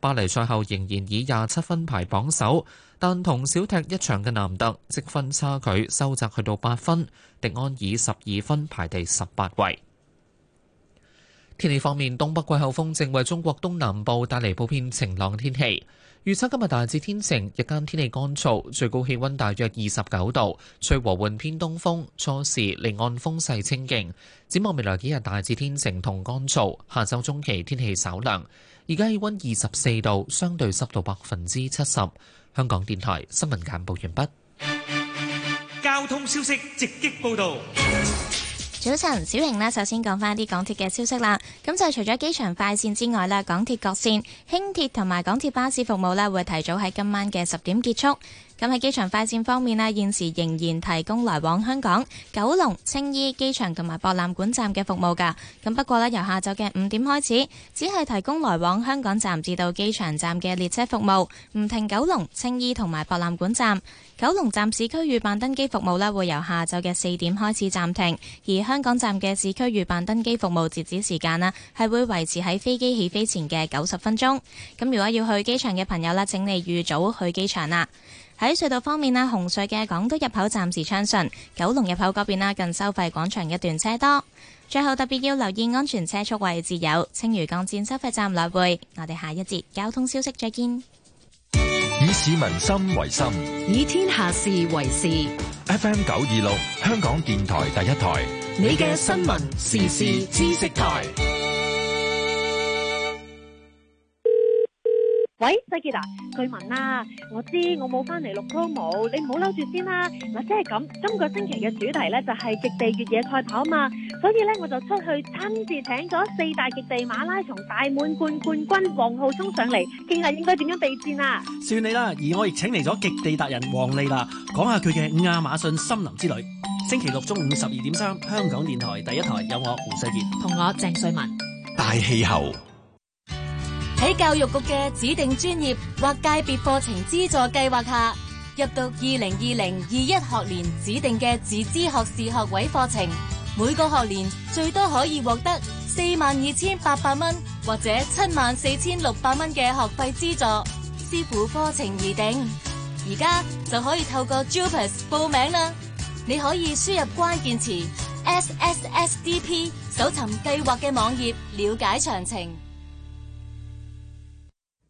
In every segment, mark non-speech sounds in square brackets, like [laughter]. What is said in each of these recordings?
巴黎賽後仍然以廿七分排榜首，但同小踢一場嘅南特積分差距收窄去到八分。迪安以十二分排第十八位。天氣方面，東北季候風正為中國東南部帶嚟普遍晴朗天氣。預測今日大致天晴，日間天氣乾燥，最高氣溫大約二十九度，吹和緩偏東風，初時離岸風勢清勁。展望未來幾日，大致天晴同乾燥。下週中期天氣稍涼。而家氣温二十四度，相對濕度百分之七十。香港電台新聞簡報完畢。交通消息直擊報道。早晨，小瑩呢，首先講翻啲港鐵嘅消息啦。咁就除咗機場快線之外啦，港鐵各線、輕鐵同埋港鐵巴士服務呢，會提早喺今晚嘅十點結束。咁喺機場快線方面呢，現時仍然提供來往香港、九龍、青衣、機場同埋博覽館站嘅服務㗎。咁不過呢，由下晝嘅五點開始，只係提供來往香港站至到機場站嘅列車服務，唔停九龍、青衣同埋博覽館站。九龍站市區預辦登機服務咧，會由下晝嘅四點開始暫停，而香港站嘅市區預辦登機服務截止時間啊，係會維持喺飛機起飛前嘅九十分鐘。咁如果要去機場嘅朋友啦，請你預早去機場啦。喺隧道方面啊，紅隧嘅港島入口暫時暢順，九龍入口嗰邊啦，近收費廣場一段車多。最後特別要留意安全車速位置，有青嶼幹線收費站來回。我哋下一節交通消息再見。以市民心為心，以天下事為事。FM 九二六，香港電台第一台，你嘅新聞時事知識台。喂，世杰嗱，據聞啦，我知我冇翻嚟錄湯姆，你唔好嬲住先啦。嗱，即係咁，今個星期嘅主題咧，就係極地越野賽跑啊嘛，所以咧，我就出去親自請咗四大極地馬拉松大滿貫冠軍黃浩聰上嚟，傾下應該點樣備戰啊。算你啦，而我亦請嚟咗極地達人王麗啦，講下佢嘅亞馬遜森林之旅。星期六中午十二點三，香港電台第一台有我胡世杰同我鄭瑞文大氣候。喺教育局嘅指定專業或界別課程資助計劃下，入讀二零二零二一學年指定嘅自資學士學位課程，每個學年最多可以獲得四萬二千八百蚊或者七萬四千六百蚊嘅學費資助，視乎課程而定。而家就可以透過 Jupas 報名啦！你可以輸入關鍵詞 S S S D P 搜尋計劃嘅網頁，了解詳情。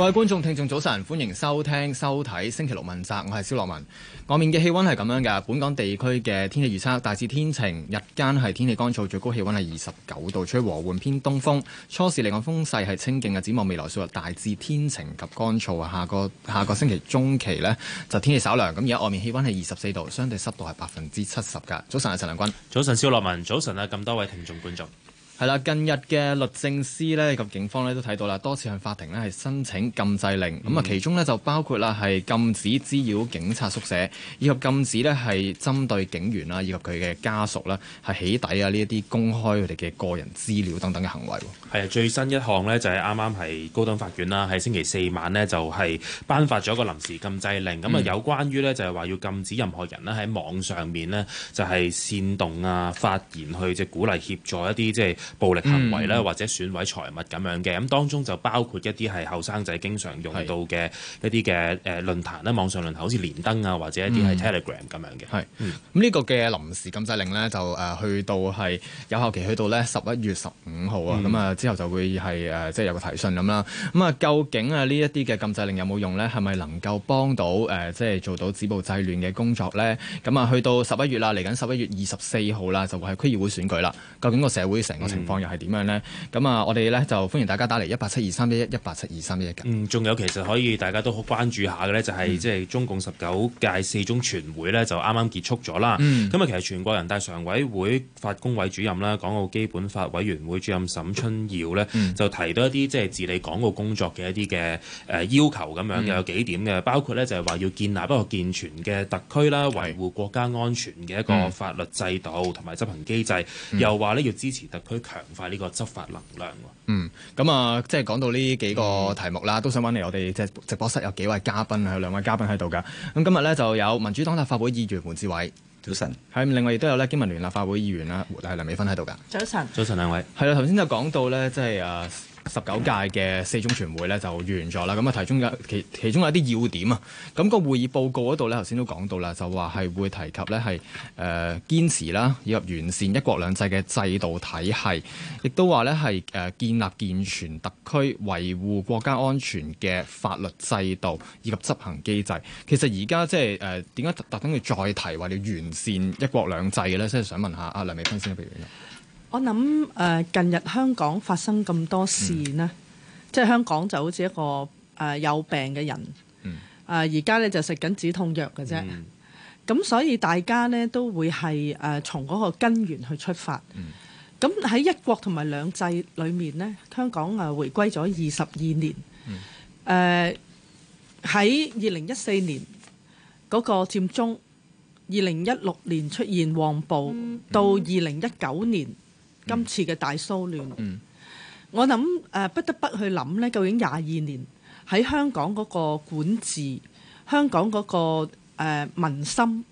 各位觀眾、聽眾，早晨，歡迎收聽、收睇《星期六問責》，我係蕭洛汶。外面嘅氣温係咁樣嘅，本港地區嘅天氣預測大致天晴，日間係天氣乾燥，最高氣溫係二十九度，吹和緩偏東風，初時離岸風勢係清勁嘅。展望未來數日，大致天晴及乾燥。下個下個星期中期呢，就天氣稍涼。咁而家外面氣温係二十四度，相對濕度係百分之七十㗎。早晨啊，陳亮均。早晨，蕭洛汶。早晨啊，咁多位聽眾、觀眾。係啦，近日嘅律政司咧及警方咧都睇到啦，多次向法庭咧係申請禁制令。咁啊、嗯，其中咧就包括啦係禁止滋擾警察宿舍，以及禁止咧係針對警員啦以及佢嘅家屬啦係起底啊，呢一啲公開佢哋嘅個人資料等等嘅行為。係啊，最新一項咧就係啱啱係高等法院啦，喺星期四晚咧就係頒發咗一個臨時禁制令。咁啊、嗯，有關於咧就係話要禁止任何人啦喺網上面咧就係煽動啊發言去即、即係、鼓勵協助一啲即係。即係暴力行為咧，或者損毀財物咁、嗯、樣嘅，咁當中就包括一啲係後生仔經常用到嘅一啲嘅誒論壇咧，是網上論壇好似連登啊，或者一啲係 Telegram 咁、嗯、樣嘅。係是，咁呢、嗯、個嘅臨時禁制令呢，就誒去到係有效期去到呢十一月十五號啊，咁啊、嗯、之後就會係誒即係有個提訊咁啦。咁啊，究竟啊呢一啲嘅禁制令有冇用呢？係咪能夠幫到誒即係做到止暴制亂嘅工作呢？咁啊，去到十一月啦，嚟緊十一月二十四號啦，就係區議會選舉啦。究竟個社會成個情況又係點樣呢？咁啊，我哋呢就歡迎大家打嚟一八七二三一一一八七二三一一嘅。嗯，仲有其實可以大家都好關注下嘅呢，就係即係中共十九屆四中全會呢，就啱啱結束咗啦。咁啊、嗯，其實全國人大常委會法工委主任啦、港澳基本法委員會主任沈春耀呢，就提到一啲即係治理港澳工作嘅一啲嘅誒要求咁樣，有幾點嘅，包括呢，就係話要建立一個健全嘅特區啦，維護國家安全嘅一個法律制度同埋執行機制，又話呢，要支持特區。強化呢個執法能量喎。嗯，咁啊，即係講到呢幾個題目啦，嗯、都想揾嚟我哋即係直播室有幾位嘉賓啊，有兩位嘉賓喺度噶。咁今日咧就有民主黨立法會議員胡志偉，早晨。係，另外亦都有咧經民聯立法會議員啊，係梁美芬喺度噶。早晨，早晨兩位。係啦，頭先就講到咧，即係啊。十九屆嘅四中全會咧就完咗啦，咁啊其中有其其中有一啲要點啊，咁個會議報告嗰度咧頭先都講到啦，就話係會提及咧係誒堅持啦，以及完善一國兩制嘅制度體系，亦都話咧係誒建立健全特區維護國家安全嘅法律制度以及執行機制。其實而家即係誒點解特特登去再提話要完善一國兩制嘅咧？即係想問下阿梁美芬先嘅評論。我諗誒，近日香港發生咁多事呢，即係香港就好似一個誒有病嘅人誒，而家呢就食緊止痛藥嘅啫。咁所以大家呢都會係誒從嗰個根源去出發。咁喺一國同埋兩制裡面呢，香港誒回歸咗二十二年誒，喺二零一四年嗰個佔中，二零一六年出現黃暴，到二零一九年。嗯、今次嘅大騷亂，嗯、我諗誒、呃、不得不去諗呢，究竟廿二年喺香港嗰個管治、香港嗰、嗰個、呃、民心、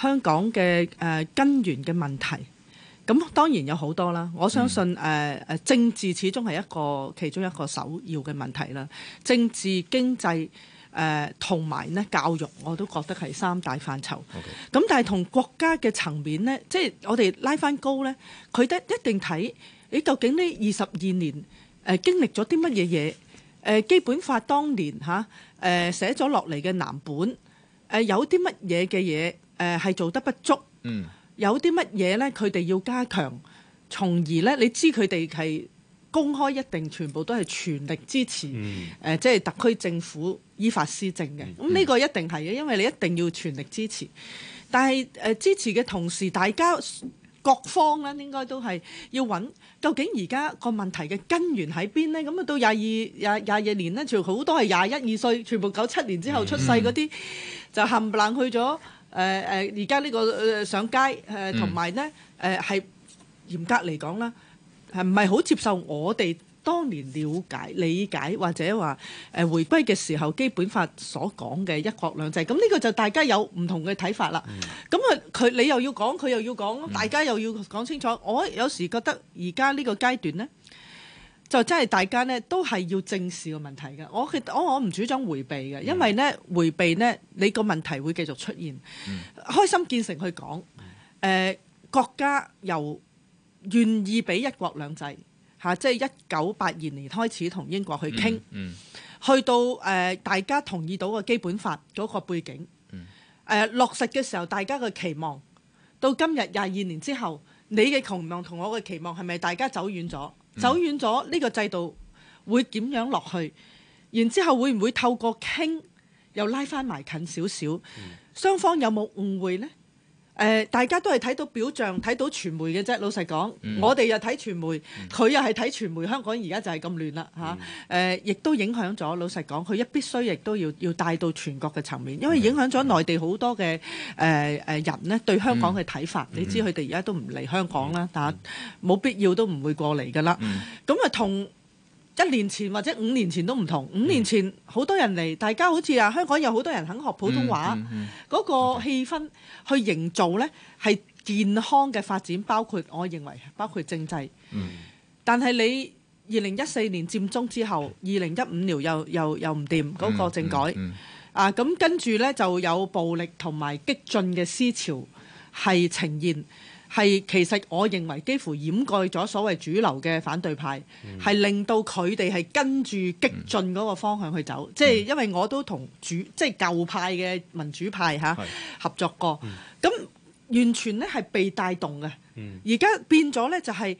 香港嘅誒、呃、根源嘅問題，咁當然有好多啦。我相信誒誒、嗯呃、政治始終係一個其中一個首要嘅問題啦，政治經濟。誒同埋咧教育，我都覺得係三大範疇。咁 Okay. 但係同國家嘅層面咧，即係我哋拉返高咧，佢得一定睇你究竟呢二十二年誒、呃、經歷咗啲乜嘢嘢？誒、呃、基本法當年嚇誒、呃、寫咗落嚟嘅藍本誒、呃、有啲乜嘢嘅嘢誒係做得不足？Mm. 有啲乜嘢咧佢哋要加強，從而咧你知佢哋係。公開一定全部都係全力支持，誒、呃，即、就、係、是、特區政府依法施政嘅。咁呢個一定係嘅，因為你一定要全力支持。但係誒、呃、支持嘅同時，大家各方咧應該都係要揾究竟而家個問題嘅根源喺邊呢？咁、嗯、啊，嗯嗯、到廿二廿廿二年咧，就好多係廿一二歲，全部九七年之後出世嗰啲，就冚唪唥去咗誒誒，而家呢個、呃、上街誒，同埋咧誒係嚴格嚟講啦。呃呃係唔係好接受我哋當年了解、理解或者話誒、呃、回歸嘅時候基本法所講嘅一國兩制？咁呢個就大家有唔同嘅睇法啦。咁啊、嗯，佢你又要講，佢又要講，大家又要講清楚。嗯、我有時覺得而家呢個階段呢，就真係大家呢都係要正視個問題嘅。我我唔主張迴避嘅，因為呢迴避呢，你個問題會繼續出現。嗯、開心見誠去講誒、呃、國家由願意俾一國兩制嚇、啊，即係一九八二年開始同英國去傾，嗯嗯、去到誒、呃、大家同意到個基本法嗰、那個背景，誒、嗯呃、落實嘅時候大家嘅期望，到今日廿二年之後，你嘅期望同我嘅期望係咪大家走遠咗？嗯、走遠咗呢、這個制度會點樣落去？然之後會唔會透過傾又拉翻埋近少少？嗯嗯、雙方有冇誤會呢？誒、呃，大家都係睇到表象，睇到傳媒嘅啫。老實講，嗯、我哋又睇傳媒，佢又係睇傳媒。香港而家就係咁亂啦吓。誒、啊，亦、呃、都影響咗。老實講，佢一必須亦都要要帶到全國嘅層面，因為影響咗內地好多嘅誒誒人呢對香港嘅睇法。嗯、你知佢哋而家都唔嚟香港啦，但係冇、嗯、必要都唔會過嚟㗎喇。咁啊同。一年前或者五年前都唔同，五年前好、嗯、多人嚟，大家好似啊香港有好多人肯學普通話嗰、嗯嗯嗯、個氣氛去營造咧係健康嘅發展，包括我認為包括政制。嗯、但係你二零一四年佔中之後，二零一五年又又又唔掂嗰個政改、嗯嗯嗯嗯、啊，咁跟住咧就有暴力同埋激進嘅思潮係呈現。係，其實我認為幾乎掩蓋咗所謂主流嘅反對派，係、嗯、令到佢哋係跟住激進嗰個方向去走。即係、嗯、因為我都同主即係、就係、舊派嘅民主派嚇係合作過，咁、嗯、完全咧係被帶動嘅。而家、嗯、變咗咧就係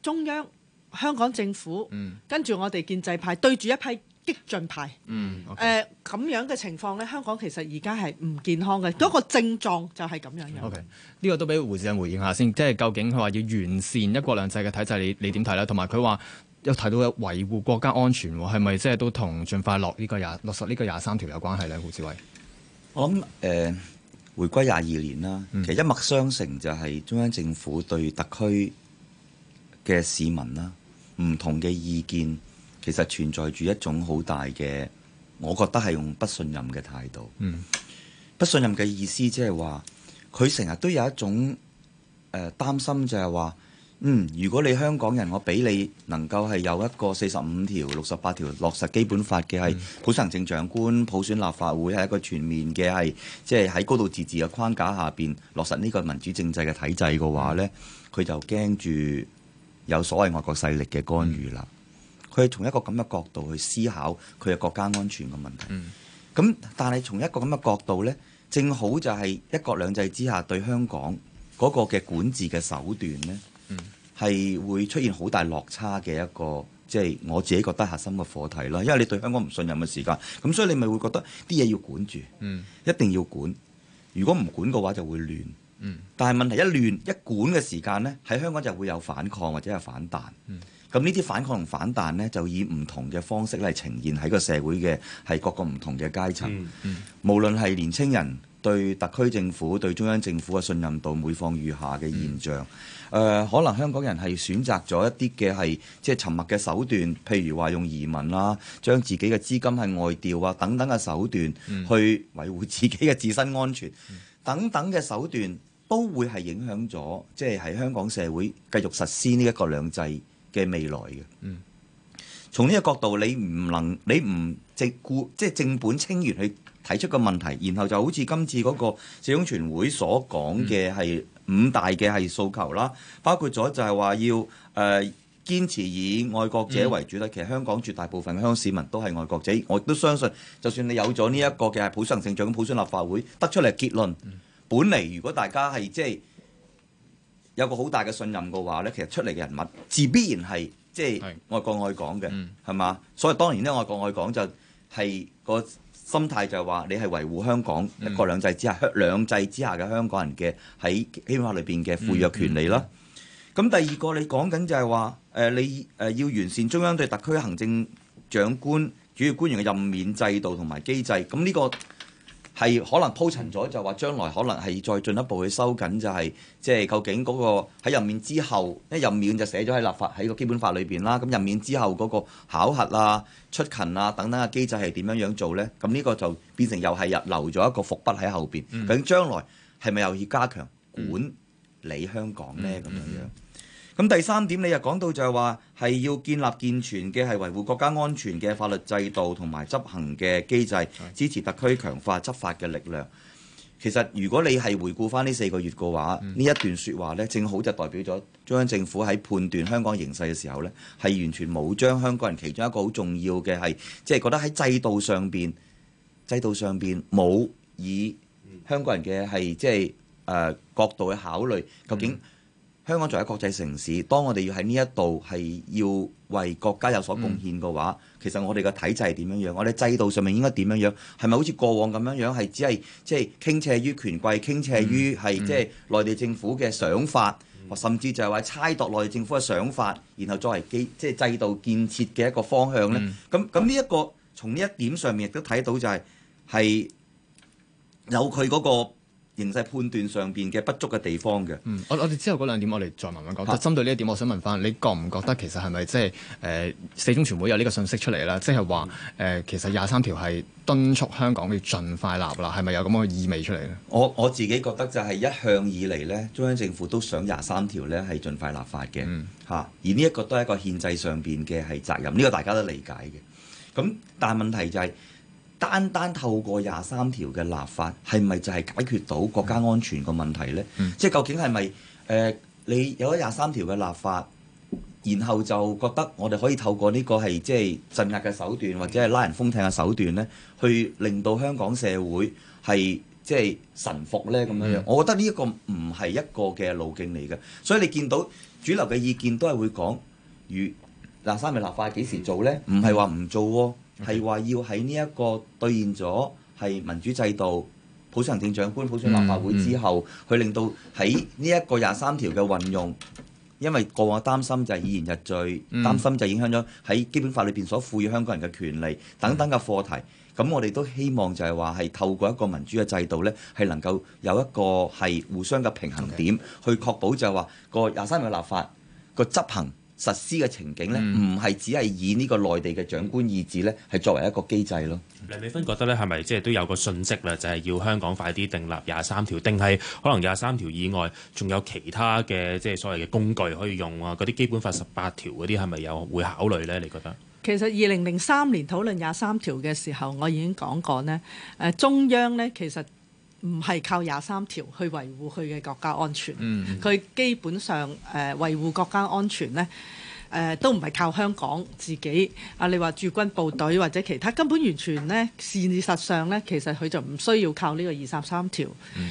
中央香港政府、嗯、跟住我哋建制派對住一批。激進派，嗯，誒、okay、咁、呃、樣嘅情況咧，香港其實而家係唔健康嘅，多個症狀就係咁樣樣、嗯。OK，呢、呢個都俾胡志偉回應下先，即係究竟佢話要完善一國兩制嘅體制，你你點睇咧？同埋佢話有提到維護國家安全，係咪即係都同盡快落呢、呢個廿落實呢個廿三條有關係咧？胡志偉，我諗誒、呃，回歸廿二年啦，其實一脈相承就係中央政府對特區嘅市民啦，唔同嘅意見。其實存在住一種好大嘅，我覺得係用不信任嘅態度。嗯、不信任嘅意思即係話，佢成日都有一種誒、呃、擔心，就係話，嗯，如果你香港人我俾你能夠係有一個四十五條、六十八條落實基本法嘅係普選行政長官、普選立法會係一個全面嘅係即係喺高度自治嘅框架下邊落實呢個民主政制嘅體制嘅話呢，佢、嗯、就驚住有所謂外國勢力嘅干預啦。嗯佢從一個咁嘅角度去思考佢嘅國家安全嘅問題、嗯。咁但係從一個咁嘅角度呢，正好就係一國兩制之下對香港嗰個嘅管治嘅手段呢，係、嗯、會出現好大落差嘅一個，即係我自己覺得核心嘅課題啦。因為你對香港唔信任嘅時間，咁所以你咪會覺得啲嘢要管住，嗯、一定要管。如果唔管嘅話就會亂。嗯、但係問題一亂一管嘅時間呢，喺香港就會有反抗或者有反彈。嗯。咁呢啲反抗同反彈呢，就以唔同嘅方式嚟呈現喺個社會嘅係各個唔同嘅階層。嗯嗯、無論係年青人對特區政府對中央政府嘅信任度每況愈下嘅現象，誒、嗯呃、可能香港人係選擇咗一啲嘅係即係沉默嘅手段，譬如話用移民啦、啊，將自己嘅資金係外調啊等等嘅手段去維護自己嘅自身安全、嗯嗯、等等嘅手段，都會係影響咗即係喺香港社會繼續實施呢一個兩制。嘅未來嘅，從呢個角度你唔能你唔直顧，即係正本清源去提出個問題，然後就好似今次嗰個四中全會所講嘅係五大嘅係訴求啦，包括咗就係話要誒、呃、堅持以愛國者為主啦。其實香港絕大部分嘅香港市民都係愛國者，我亦都相信，就算你有咗呢一個嘅係普選行政長，再咁普選立法會得出嚟結論，本嚟如果大家係即係。有個好大嘅信任嘅話呢，其實出嚟嘅人物自必然係即係愛國愛港嘅，係嘛是？所以當然呢，愛國愛港就係、是那個心態就係話你係維護香港一國兩制之下、嗯、兩制之下嘅香港人嘅喺基本法裏邊嘅賦約權利啦。咁、嗯嗯、第二個你講緊就係話誒你誒、呃、要完善中央對特區行政長官主要官員嘅任免制度同埋機制，咁呢、這個。係可能鋪陳咗就話，將來可能係再進一步去收緊、就是，就係即係究竟嗰個喺任免之後，一任免就寫咗喺立法喺個基本法裏邊啦。咁任免之後嗰個考核啊、出勤啊等等嘅機制係點樣樣做呢？咁呢個就變成又係入留咗一個伏筆喺後面。究竟將來係咪又要加強管理香港呢？咁樣樣。嗯咁第三點，你又講到就係話係要建立健全嘅係維護國家安全嘅法律制度同埋執行嘅機制，支持特區強化執法嘅力量。其實如果你係回顧翻呢四個月嘅話，呢、嗯、一段說話呢，正好就代表咗中央政府喺判斷香港形勢嘅時候呢，係完全冇將香港人其中一個好重要嘅係，即係覺得喺制度上邊，制度上邊冇以香港人嘅係即係誒角度去考慮究竟、嗯。香港作為國際城市，當我哋要喺呢一度係要為國家有所貢獻嘅話，嗯、其實我哋嘅體制係點樣樣，我哋制度上面應該點樣樣？係咪好似過往咁樣樣，係只係即係傾斜於權貴，傾斜於係即係內地政府嘅想法，嗯嗯、甚至就係話猜度內地政府嘅想法，然後作為建即係制度建設嘅一個方向呢？咁咁呢一個從呢一點上面亦都睇到就係、係、係有佢嗰、嗰個。形勢判斷上邊嘅不足嘅地方嘅。嗯，我我哋之後嗰兩點，我哋再慢慢講。但、啊、針對呢一點，我想問翻，你覺唔覺得其實係咪即係誒四中全會有呢個信息出嚟啦？即係話誒，其實廿三條係敦促香港要盡快立法，係咪有咁嘅意味出嚟咧？嗯、我我自己覺得就係一向以嚟咧，中央政府都想廿三條咧係盡快立法嘅。嗯。啊、而呢一個都係一個憲制上邊嘅係責任，呢、呢個大家都理解嘅。咁但係問題就係、是。單單透過廿三條嘅立法，係咪就係解決到國家安全個問題呢？嗯、即係究竟係咪誒？你有咗廿三條嘅立法，然後就覺得我哋可以透過呢個係即係鎮壓嘅手段，或者係拉人封艇嘅手段呢，去令到香港社會係即係臣服呢？咁樣樣？嗯、我覺得呢一個唔係一個嘅路徑嚟嘅，所以你見到主流嘅意見都係會講，如嗱廿三條立法幾時做呢？唔係話唔做喎。係話 Okay. 要喺呢一個兌現咗係民主制度、普選行政長官、普選立法會之後，去、mm hmm. 令到喺呢一個廿三條嘅運用，因為過往嘅擔心就係以言入罪，mm hmm. 擔心就影響咗喺基本法裏邊所賦予香港人嘅權利等等嘅課題。咁、mm hmm. 我哋都希望就係話係透過一個民主嘅制度呢，係能夠有一個係互相嘅平衡點，Okay. 去確保就係話個廿三條立法個執行。實施嘅情景呢，唔係、嗯、只係以呢個內地嘅長官意志呢，係作為一個機制咯。梁美芬覺得呢，係咪即係都有個訊息啦，就係、是、要香港快啲訂立廿三條，定係可能廿三條以外，仲有其他嘅即係所謂嘅工具可以用啊？嗰啲基本法十八條嗰啲係咪有會考慮呢？你覺得？其實二零零三年討論廿三條嘅時候，我已經講過呢、呃，中央呢其實。唔係靠廿三條去維護佢嘅國家安全，佢、嗯、基本上誒、呃、維護國家安全呢誒、呃、都唔係靠香港自己啊！你話駐軍部隊或者其他根本完全呢，事實上呢，其實佢就唔需要靠呢個二十三條。嗯。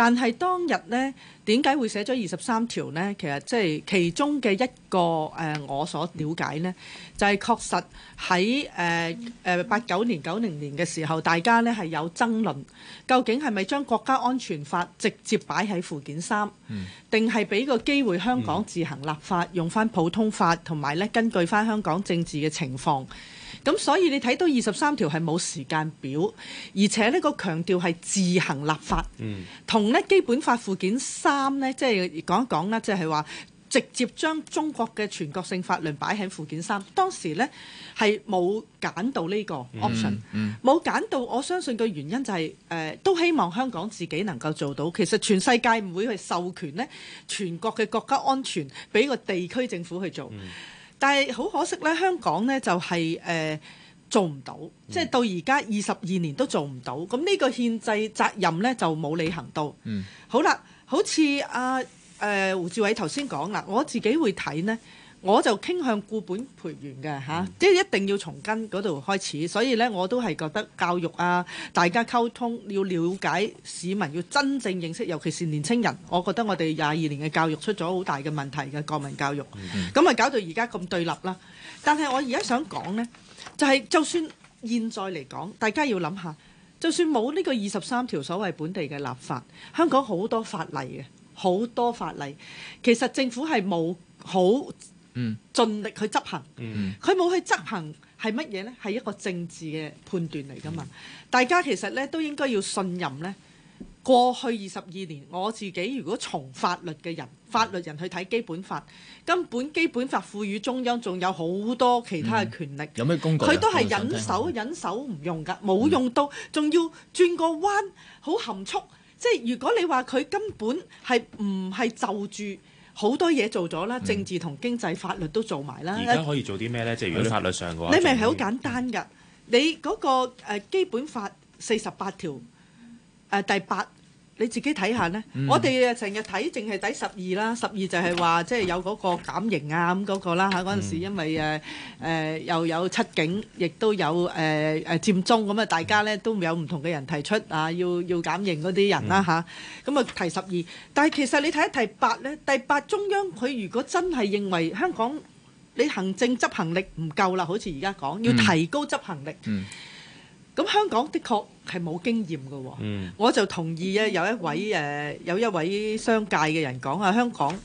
但係當日呢，點解會寫咗二十三條呢？其實即係其中嘅一個誒、呃，我所了解呢，就係、是、確實喺誒誒八九年九零年嘅時候，大家呢係有爭論，究竟係咪將國家安全法直接擺喺附件三、嗯，定係俾個機會香港自行立法用翻普通法，同埋呢根據翻香港政治嘅情況。咁所以你睇到二十三條係冇時間表，而且呢個強調係自行立法，同呢基本法附件三呢，即係講一講啦，即係話直接將中國嘅全國性法律擺喺附件三。當時咧係冇揀到呢個 option，冇揀到。我相信個原因就係、是、誒、呃、都希望香港自己能夠做到。其實全世界唔會去授權咧，全國嘅國家安全俾個地區政府去做。嗯但係好可惜咧，香港咧就係、是、誒、呃、做唔到，嗯、即係到而家二十二年都做唔到，咁呢個憲制責任咧就冇履行到。嗯、好啦，好似阿誒胡志偉頭先講啦，我自己會睇咧。我就傾向固本培元嘅吓，即係一定要從根嗰度開始。所以咧，我都係覺得教育啊，大家溝通要了解市民，要真正認識，尤其是年青人。我覺得我哋廿二年嘅教育出咗好大嘅問題嘅國民教育。咁啊 Okay. 搞到而家咁對立啦。但係我而家想講呢，就係、係、就算現在嚟講，大家要諗下，就算冇呢個二十三條所謂本地嘅立法，香港好多法例嘅，好多法例，其實政府係冇好。嗯，盡力去執行，佢冇、嗯、去執行係乜嘢呢？係一個政治嘅判斷嚟噶嘛？嗯、大家其實咧都應該要信任呢。過去二十二年，我自己如果從法律嘅人、法律人去睇基本法，根本基本法賦予中央仲有好多其他嘅權力。嗯、有咩工具？佢都係忍手忍手唔用㗎，冇用到，仲、嗯、要轉個彎，好含蓄。即係如果你話佢根本係唔係就住？好多嘢做咗啦，嗯、政治同經濟法律都做埋啦。而家可以做啲咩咧？即係如果法律上嘅話，你咪係好簡單㗎。對 你嗰個基本法四十八條誒第八。你自己睇下呢，嗯、我哋誒成日睇淨係睇十二啦，十二就係話即係有嗰個減刑啊咁嗰、那個啦嚇，嗰、那、陣、個那個、時因為誒誒、嗯嗯呃、又有七警，亦都有誒誒、呃、佔中，咁啊大家咧都有唔同嘅人提出啊，要要減刑嗰啲人啦吓咁啊提十二，但係其實你睇一提八咧，第八中央佢如果真係認為香港你行政執行力唔夠啦，好似而家講，要提高執行力。嗯嗯嗯。咁香港的確係冇經驗嘅、哦。嗯、我就同意咧、啊，有一位誒、啊，有一位商界嘅人講啊，香港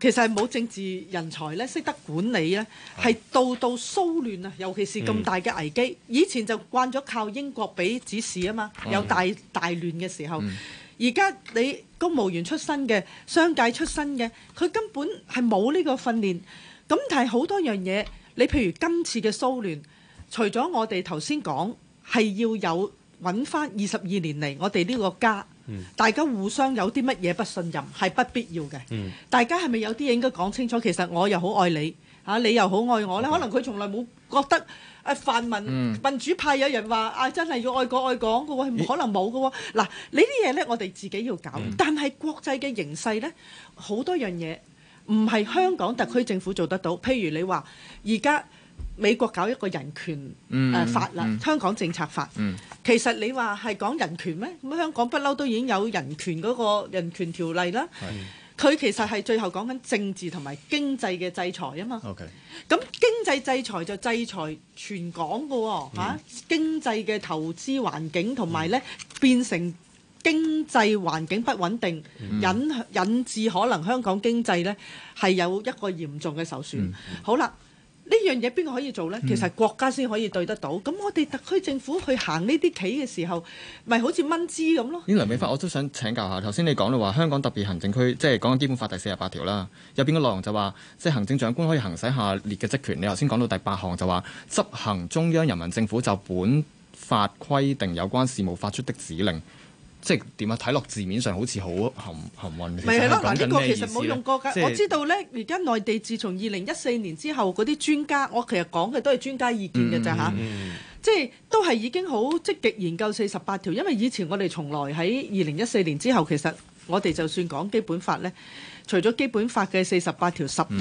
其實係冇政治人才咧，識得管理咧、啊，係到到騷亂啊，尤其是咁大嘅危機。嗯、以前就慣咗靠英國俾指示啊嘛。有大大，大亂嘅時候，而家、嗯、你公務員出身嘅、商界出身嘅，佢根本係冇呢個訓練。咁但係好多樣嘢，你譬如今次嘅騷亂，除咗我哋頭先講。係要有揾翻二十二年嚟，我哋呢個家，嗯、大家互相有啲乜嘢不信任係不必要嘅。嗯、大家係咪有啲嘢應該講清楚？其實我又好愛你，嚇、啊、你又好愛我呢、嗯、可能佢從來冇覺得誒、啊、泛民、嗯、民主派有人話啊，真係要愛國愛港嘅喎，可能冇嘅喎。嗱呢啲嘢呢，我哋自己要搞。嗯、但係國際嘅形勢呢，好多樣嘢唔係香港特區政府做得到。譬如你話而家。美國搞一個人權誒法例，香港政策法，其實你話係講人權咩？咁香港不嬲都已經有人權嗰個人權條例啦。佢其實係最後講緊政治同埋經濟嘅制裁啊嘛。咁經濟制裁就制裁全港㗎喎嚇，經濟嘅投資環境同埋咧變成經濟環境不穩定，引引致可能香港經濟咧係有一個嚴重嘅受損。好啦。呢樣嘢邊個可以做呢？其實國家先可以對得到。咁、嗯、我哋特區政府去行呢啲棋嘅時候，咪好似蚊枝咁咯。呢梁美芬，我都想請教下。頭先你講到話香港特別行政區，即係講緊基本法第四十八條啦，入邊嘅內容就話，即係行政長官可以行使下列嘅職權。你頭先講到第八項就話執行中央人民政府就本法規定有關事務發出的指令。即係點啊？睇落字面上好似好含含運。咪係咯，嗱呢個其實冇用過㗎。就是 我知道咧，而家內地自從二零一四年之後，嗰啲專家，我其實講嘅都係專家意見嘅咋吓，即係都係已經好積極研究四十八條，因為以前我哋從來喺二零一四年之後，其實我哋就算講基本法咧，除咗基本法嘅四十八條十一、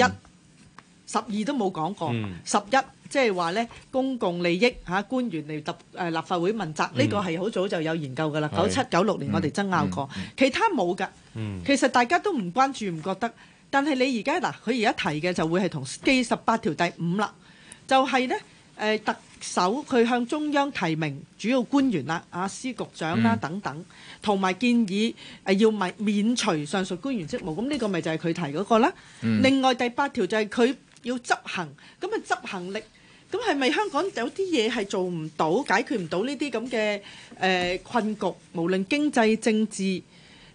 十二、嗯、都冇講過，十一、嗯。十一，即係話呢，公共利益嚇、啊，官員嚟立法會問責，呢個係好早就有研究㗎啦。九七九六年我哋爭拗過，嗯嗯嗯、其他冇㗎。嗯、其實大家都唔關注唔覺得，但係你而家嗱，佢而家提嘅就會係同《四十八條》第五啦，就係、是、呢，誒、呃、特首佢向中央提名主要官員啦，啊司局長啦等等，同埋、嗯、建議誒要免免除上述官員職務，咁呢個咪就係佢提嗰個啦。另外第八條就係佢。要執行，咁啊執行力，咁係咪香港有啲嘢係做唔到，解決唔到呢啲咁嘅誒困局？無論經濟、政治，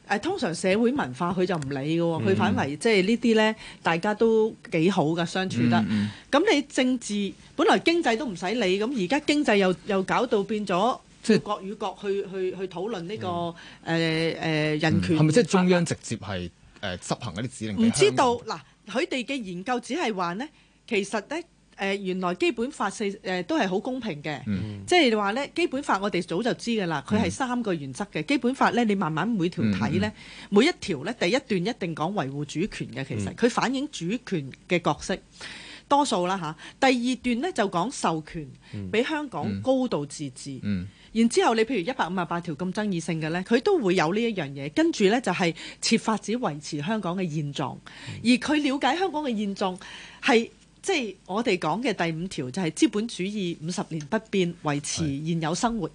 誒通常社會文化佢就唔理㗎喎，佢反為即係呢啲咧，大家都幾好㗎，相處得。咁你政治，本來經濟都唔使理，咁而家經濟又又搞到變咗國與國去去去討論呢個誒誒人權，係咪即係中央直接係誒執行一啲指令？唔知道嗱。佢哋嘅研究只係話呢，其實呢，誒、呃、原來基本法四誒、呃、都係好公平嘅，即係話呢，基本法我哋早就知㗎啦，佢係三個原則嘅基本法呢，你慢慢每條睇呢，嗯嗯、每一條呢，第一段一定講維護主權嘅，其實佢反映主權嘅角色多數啦嚇，第二段呢，就講授權俾香港高度自治。嗯嗯嗯嗯然之後，你譬如一百五十八條咁爭議性嘅呢，佢都會有呢一樣嘢，跟住呢就係設法子維持香港嘅現狀。而佢了解香港嘅現狀係即係我哋講嘅第五條，就係、是、資本主義五十年不變，維持現有生活。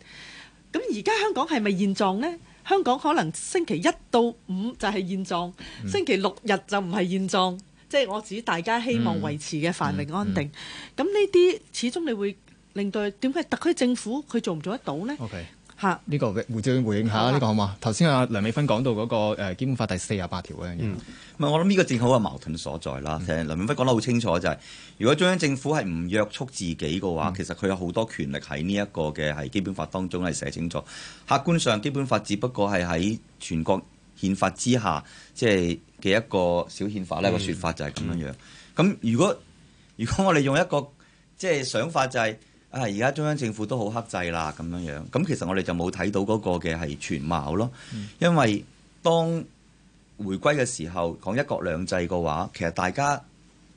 咁而家香港係咪現狀呢？香港可能星期一到五就係現狀，星期六日就唔係現狀，即係、嗯、我指大家希望維持嘅繁榮安定。咁呢啲始終你會。令到點解特區政府佢做唔做得到呢？OK 吓呢個回照回應下呢個好嘛？頭先阿梁美芬講到嗰個基本法第四十八條嗰樣嘢，唔係我諗呢個正好係矛盾所在啦。梁美芬講得好清楚就係，如果中央政府係唔約束自己嘅話，其實佢有好多權力喺呢一個嘅係基本法當中係寫清楚。客觀上，基本法只不過係喺全國憲法之下，即係嘅一個小憲法呢個説法就係咁樣樣。咁如果如果我哋用一個即係想法就係。啊！而家中央政府都好克制啦，咁樣樣咁，其實我哋就冇睇到嗰個嘅係全貌咯。因為當回歸嘅時候講一國兩制嘅話，其實大家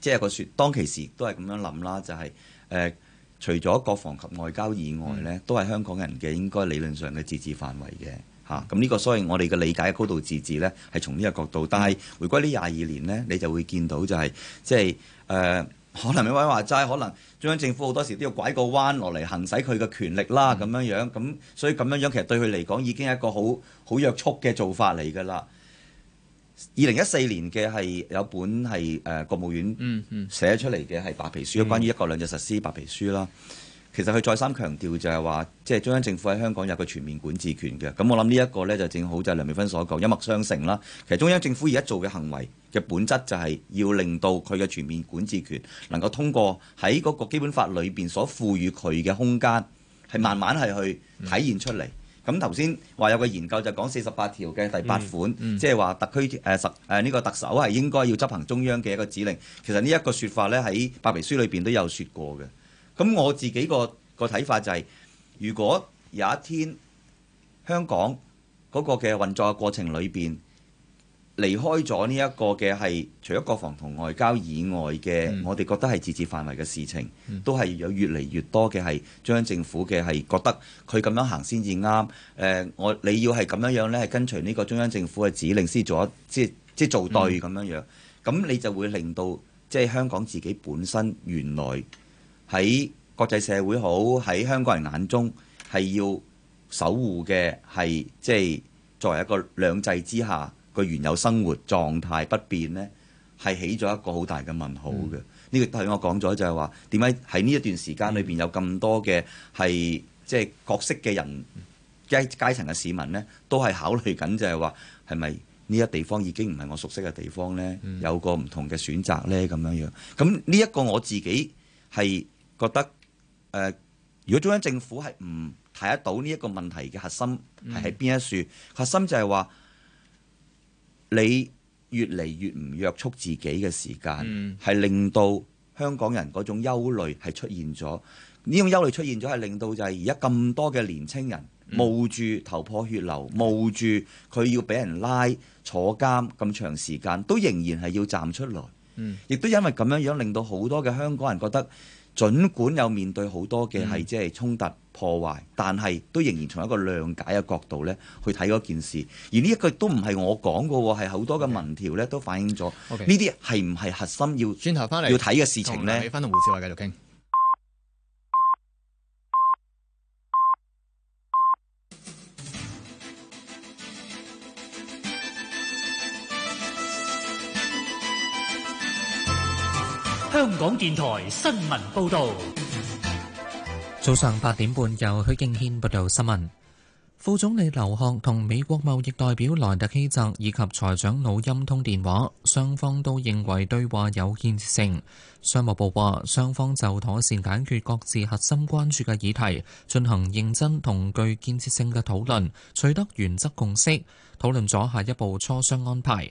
即係個説，當其時都係咁樣諗啦，就係、是、誒、呃，除咗國防及外交以外呢、嗯、都係香港人嘅應該理論上嘅自治範圍嘅嚇。咁、啊、呢、呢個，所以我哋嘅理解高度自治呢，係從呢個角度。但係回歸呢廿二年呢，你就會見到就係即係誒。就係呃可能你咪話齋，可能中央政府好多時都要拐個彎落嚟行使佢嘅權力啦，咁、嗯、樣樣咁，所以咁樣樣其實對佢嚟講已經係一個好好約束嘅做法嚟㗎啦。二零一四年嘅係有本係誒、呃、國務院寫出嚟嘅係白皮書，嗯嗯、關於一國兩制實施白皮書啦。嗯嗯其實佢再三強調就係話，即係中央政府喺香港有個全面管治權嘅。咁我諗呢一個呢，就正好就係梁美芬所講一脈相承啦。其實中央政府而家做嘅行為嘅本質就係要令到佢嘅全面管治權能夠通過喺嗰個基本法裏邊所賦予佢嘅空間，係慢慢係去體現出嚟。咁頭先話有個研究就講四十八條嘅第八款，嗯嗯、即係話特區誒十誒呢個特首係應該要執行中央嘅一個指令。其實呢一個説法呢，喺白皮書裏邊都有説過嘅。咁我自己個個睇法就係、是，如果有一天香港嗰個嘅運作過程裏邊離開咗呢一個嘅係除咗國防同外交以外嘅，嗯、我哋覺得係自治範圍嘅事情，都係有越嚟越多嘅係中央政府嘅係覺得佢咁樣行先至啱。誒、呃，我你要係咁樣樣呢，係跟隨呢個中央政府嘅指令先做，即係即做對咁樣、嗯、樣。咁你就會令到即係、就是、香港自己本身原來。喺國際社會好喺香港人眼中係要守護嘅係即係作為一個兩制之下個原有生活狀態不變呢，係起咗一個好大嘅問號嘅。呢個係我講咗就係話點解喺呢一段時間裏邊有咁多嘅係即係角色嘅人階階層嘅市民呢，都係考慮緊就係話係咪呢一地方已經唔係我熟悉嘅地方呢？嗯、有個唔同嘅選擇呢？咁樣樣。咁呢一個我自己係。覺得誒、呃，如果中央政府係唔睇得到呢一個問題嘅核心係喺邊一處，嗯、核心就係話你越嚟越唔約束自己嘅時間，係、嗯、令到香港人嗰種憂慮係出現咗。呢種憂慮出現咗係令到就係而家咁多嘅年青人冒住頭破血流，冒住佢要俾人拉坐監咁長時間，都仍然係要站出來。亦都、嗯、因為咁樣樣令到好多嘅香港人覺得。儘管有面對好多嘅係即係衝突破壞，嗯、但係都仍然從一個諒解嘅角度咧去睇嗰件事。而呢一個都唔係我講嘅喎，係好多嘅文條咧都反映咗。呢啲係唔係核心要轉頭翻嚟要睇嘅事情呢？美芬同胡志偉繼續傾。香港電台新聞報道，早上八點半由許敬軒報道新聞。副總理劉鶴同美國貿易代表萊特希澤以及財長努欽通電話，雙方都認為對話有建設性。商務部話，雙方就妥善解決各自核心關注嘅議題，進行認真同具建設性嘅討論，取得原則共識，討論咗下一步磋商安排。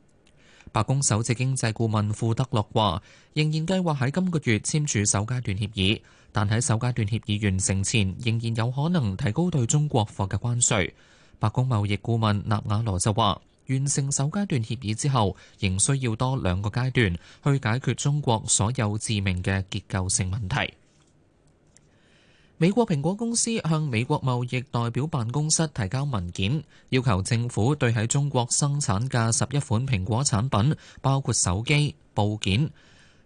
白宮首席經濟顧問庫德洛話，仍然計劃喺今個月簽署首階段協議，但喺首階段協議完成前，仍然有可能提高對中國貨嘅關稅。白宮貿易顧問納瓦羅就話，完成首階段協議之後，仍需要多兩個階段去解決中國所有致命嘅結構性問題。美國蘋果公司向美國貿易代表辦公室提交文件，要求政府對喺中國生產嘅十一款蘋果產品，包括手機、部件、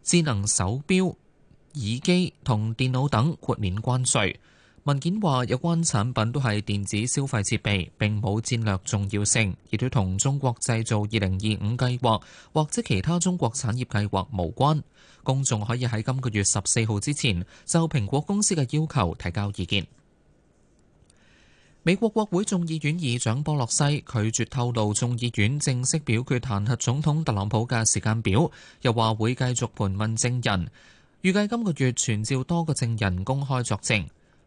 智能手錶、耳機同電腦等豁免關稅。文件話，有關產品都係電子消費設備，並冇戰略重要性，亦都同中國製造二零二五計劃或者其他中國產業計劃無關。公眾可以喺今個月十四號之前就蘋果公司嘅要求提交意見。美國國會眾議院議長波洛西拒絕透露眾議院正式表決彈劾總統特朗普嘅時間表，又話會繼續盤問證人，預計今個月傳召多個證人公開作證。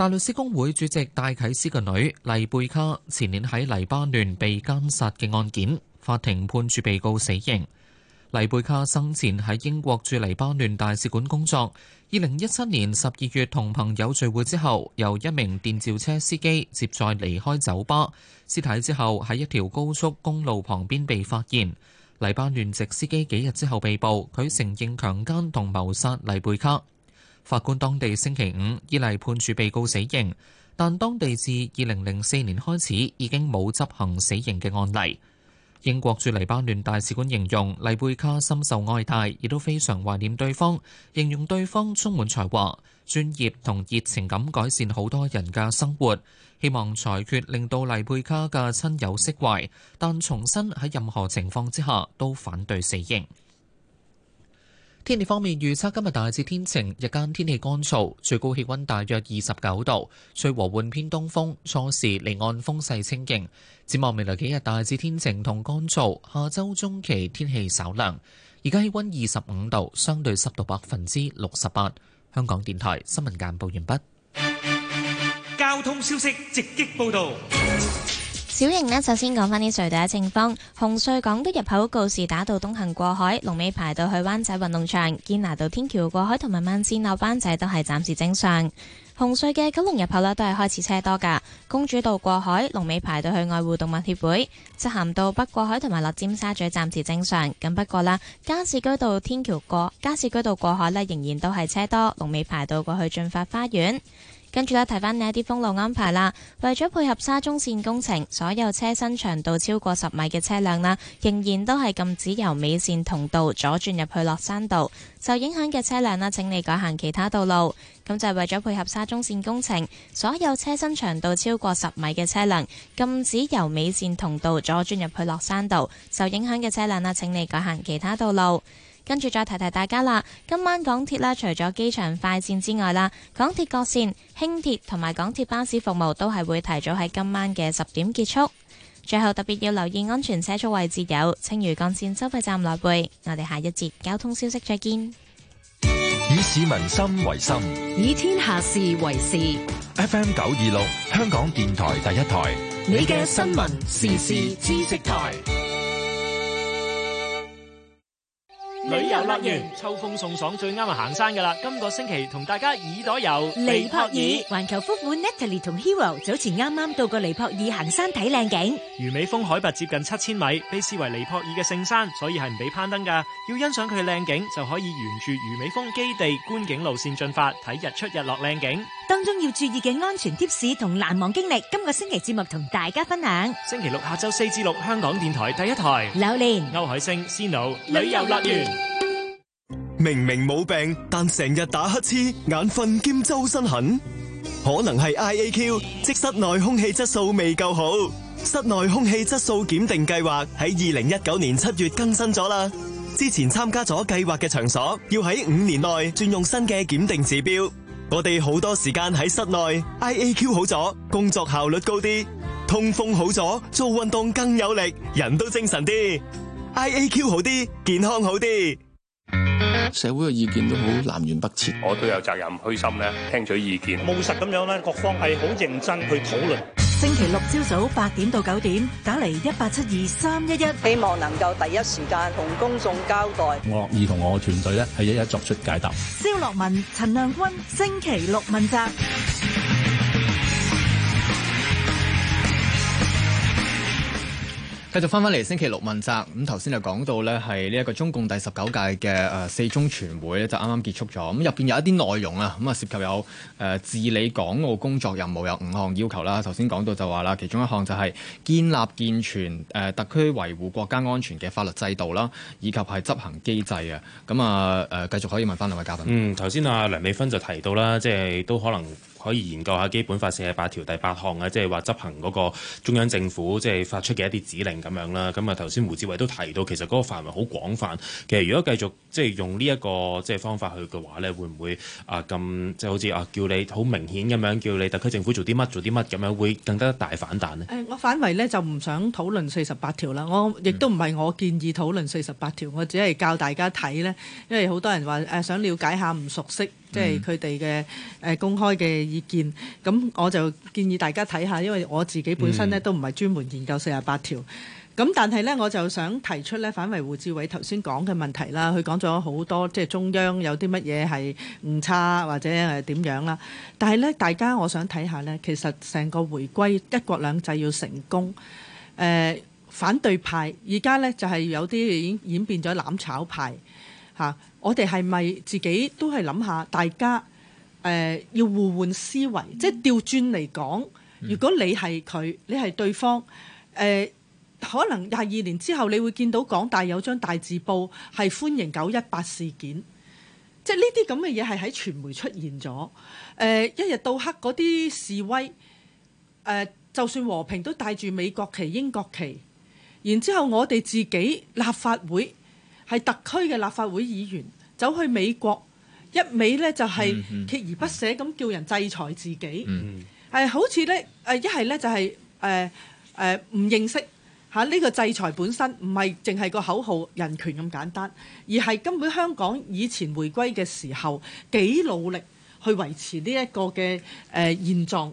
大律師公會主席戴啟思嘅女黎貝卡前年喺黎巴嫩被奸殺嘅案件，法庭判處被告死刑。黎貝卡生前喺英國駐黎巴嫩大使館工作。二零一七年十二月同朋友聚會之後，由一名電召車司機接載離開酒吧，屍體之後喺一條高速公路旁邊被發現。黎巴嫩籍司機幾日之後被捕，佢承認強奸同謀殺黎貝卡。法官當地星期五依例判處被告死刑，但當地自2004年開始已經冇執行死刑嘅案例。英國駐黎巴嫩大使館形容黎貝卡深受愛戴，亦都非常懷念對方，形容對方充滿才華、專業同熱情感改善好多人嘅生活。希望裁決令到黎貝卡嘅親友釋懷，但重申喺任何情況之下都反對死刑。天氣方面預測今日大致天晴，日間天氣乾燥，最高氣溫大約二十九度，吹和緩偏東風，初時離岸風勢清勁。展望未來幾日大致天晴同乾燥，下周中期天氣稍涼。而家氣溫二十五度，相對濕度百分之六十八。香港電台新聞簡報完畢。交通消息直擊報道。小汶呢，首先講返啲隧道嘅情況。紅隧港島入口告士打道東行過海，龍尾排到去灣仔運動場；堅拿道天橋過海同埋慢線落灣仔都係暫時正常。紅隧嘅九龍入口咧都係開始車多噶。公主道過海，龍尾排到去愛護動物協會；漆咸道北過海同埋落尖沙咀暫時正常。咁不過啦，加士居道天橋過，加士居道過海呢，仍然都係車多，龍尾排到過去駿發花園。跟住咧，提翻呢一啲封路安排啦。為咗配合沙中線工程，所有車身長度超過十米嘅車輛啦，仍然都係禁止由美線同道左轉入去落山道。受影響嘅車輛啦，請你改行其他道路。咁就係為咗配合沙中線工程，所有車身長度超過十米嘅車輛禁止由美線同道左轉入去落山道。受影響嘅車輛啦，請你改行其他道路。跟住再提提大家啦，今晚港鐵啦，除咗機場快線之外啦，港鐵各線、輕鐵同埋港鐵巴士服務都係會提早喺今晚嘅十點結束。最後特別要留意安全車速位置有青嶼幹線收費站內貝。我哋下一節交通消息再見。以市民心為心，以天下事為事。FM 九二六，香港電台第一台，你嘅新聞時事知識台。旅遊樂園，秋風送爽最啱啊！行山噶啦，今個星期同大家耳朵遊尼泊爾。環球夫婦 Natalie 同 Hero 早前啱啱到過尼泊爾行山睇靚景。魚尾峰海拔接近七千米，被視為尼泊爾嘅聖山，所以係唔俾攀登噶。要欣賞佢靚景，就可以沿住魚尾峰基地觀景路線進發，睇日出日落靚景。當中要注意嘅安全貼士同難忘經歷，今個星期節目同大家分享。星期六下晝四至六，香港電台第一台。柳蓮、歐海星、思腦、旅遊樂園。明明冇病，但成日打乞嗤、眼瞓兼周身痕，可能係 IAQ，即室內空氣質素未夠好。室內空氣質素檢定計劃喺二零一九年七月更新咗啦。之前參加咗計劃嘅場所，要喺五年內轉用新嘅檢定指標。我哋好多時間喺室內，IAQ 好咗，工作效率高啲，通風好咗，做運動更有力，人都精神啲，IAQ 好啲，健康好啲。社會嘅意見都好南轅北轍，我都有責任虛心咧聽取意見，務實咁樣咧，各方係好認真去討論。星期六朝早八點到九點，打嚟一八七二三一一，希望能夠第一時間同公眾交代。我樂意同我嘅團隊咧，係一一作出解答。蕭洛汶、陳亮均，星期六問責。繼續翻翻嚟星期六問責，咁頭先就講到呢係呢一個中共第十九屆嘅誒四中全會呢就啱啱結束咗，咁入邊有一啲內容啊，咁啊涉及有誒、呃、治理港澳工作任務有五項要求啦，頭先講到就話啦，其中一項就係建立健全誒、呃、特區維護國家安全嘅法律制度啦，以及係執行機制啊，咁啊誒繼續可以問翻兩位嘉賓。嗯，頭先阿梁美芬就提到啦，即係都可能。可以研究下基本法四十八條第八項啊，即係話執行嗰個中央政府即係發出嘅一啲指令咁樣啦。咁啊頭先胡志偉都提到，其實嗰個範圍好廣泛。其實如果繼續即係用呢一個即係方法去嘅話咧，會唔會啊咁即係好似啊叫你好明顯咁樣叫你特區政府做啲乜做啲乜咁樣會更加大，大反彈咧？誒我反而咧就唔想討論四十八條啦。我亦都唔係，我建議討論四十八條，我只係教大家睇咧，因為好多人話誒想了解下唔熟悉。即係佢哋嘅誒公開嘅意見，咁我就建議大家睇下，因為我自己本身咧都唔係專門研究四十八條，咁但係咧我就想提出咧反為胡志偉頭先講嘅問題啦，佢講咗好多即係中央有啲乜嘢係誤差或者係點樣啦，但係咧大家我想睇下咧，其實成個回歸一國兩制要成功，誒、呃、反對派而家咧就係、是、有啲已經演變咗攬炒派。啊、我哋係咪自己都係諗下？大家誒、呃、要互換思維，嗯、即係調轉嚟講。如果你係佢，你係對方誒、呃，可能廿二年之後，你會見到港大有張大字報係歡迎九一八事件，即係呢啲咁嘅嘢係喺傳媒出現咗。誒、呃，一日到黑嗰啲示威誒、呃，就算和平都帶住美國旗、英國旗，然之後我哋自己立法會。係特區嘅立法會議員走去美國，一味呢就係、是、鍥而不捨咁叫人制裁自己，係 [laughs] 好似呢，誒一係呢就係誒誒唔認識吓呢、啊呢個制裁本身唔係淨係個口號人權咁簡單，而係根本香港以前回歸嘅時候幾努力去維持呢一個嘅誒、呃、現狀。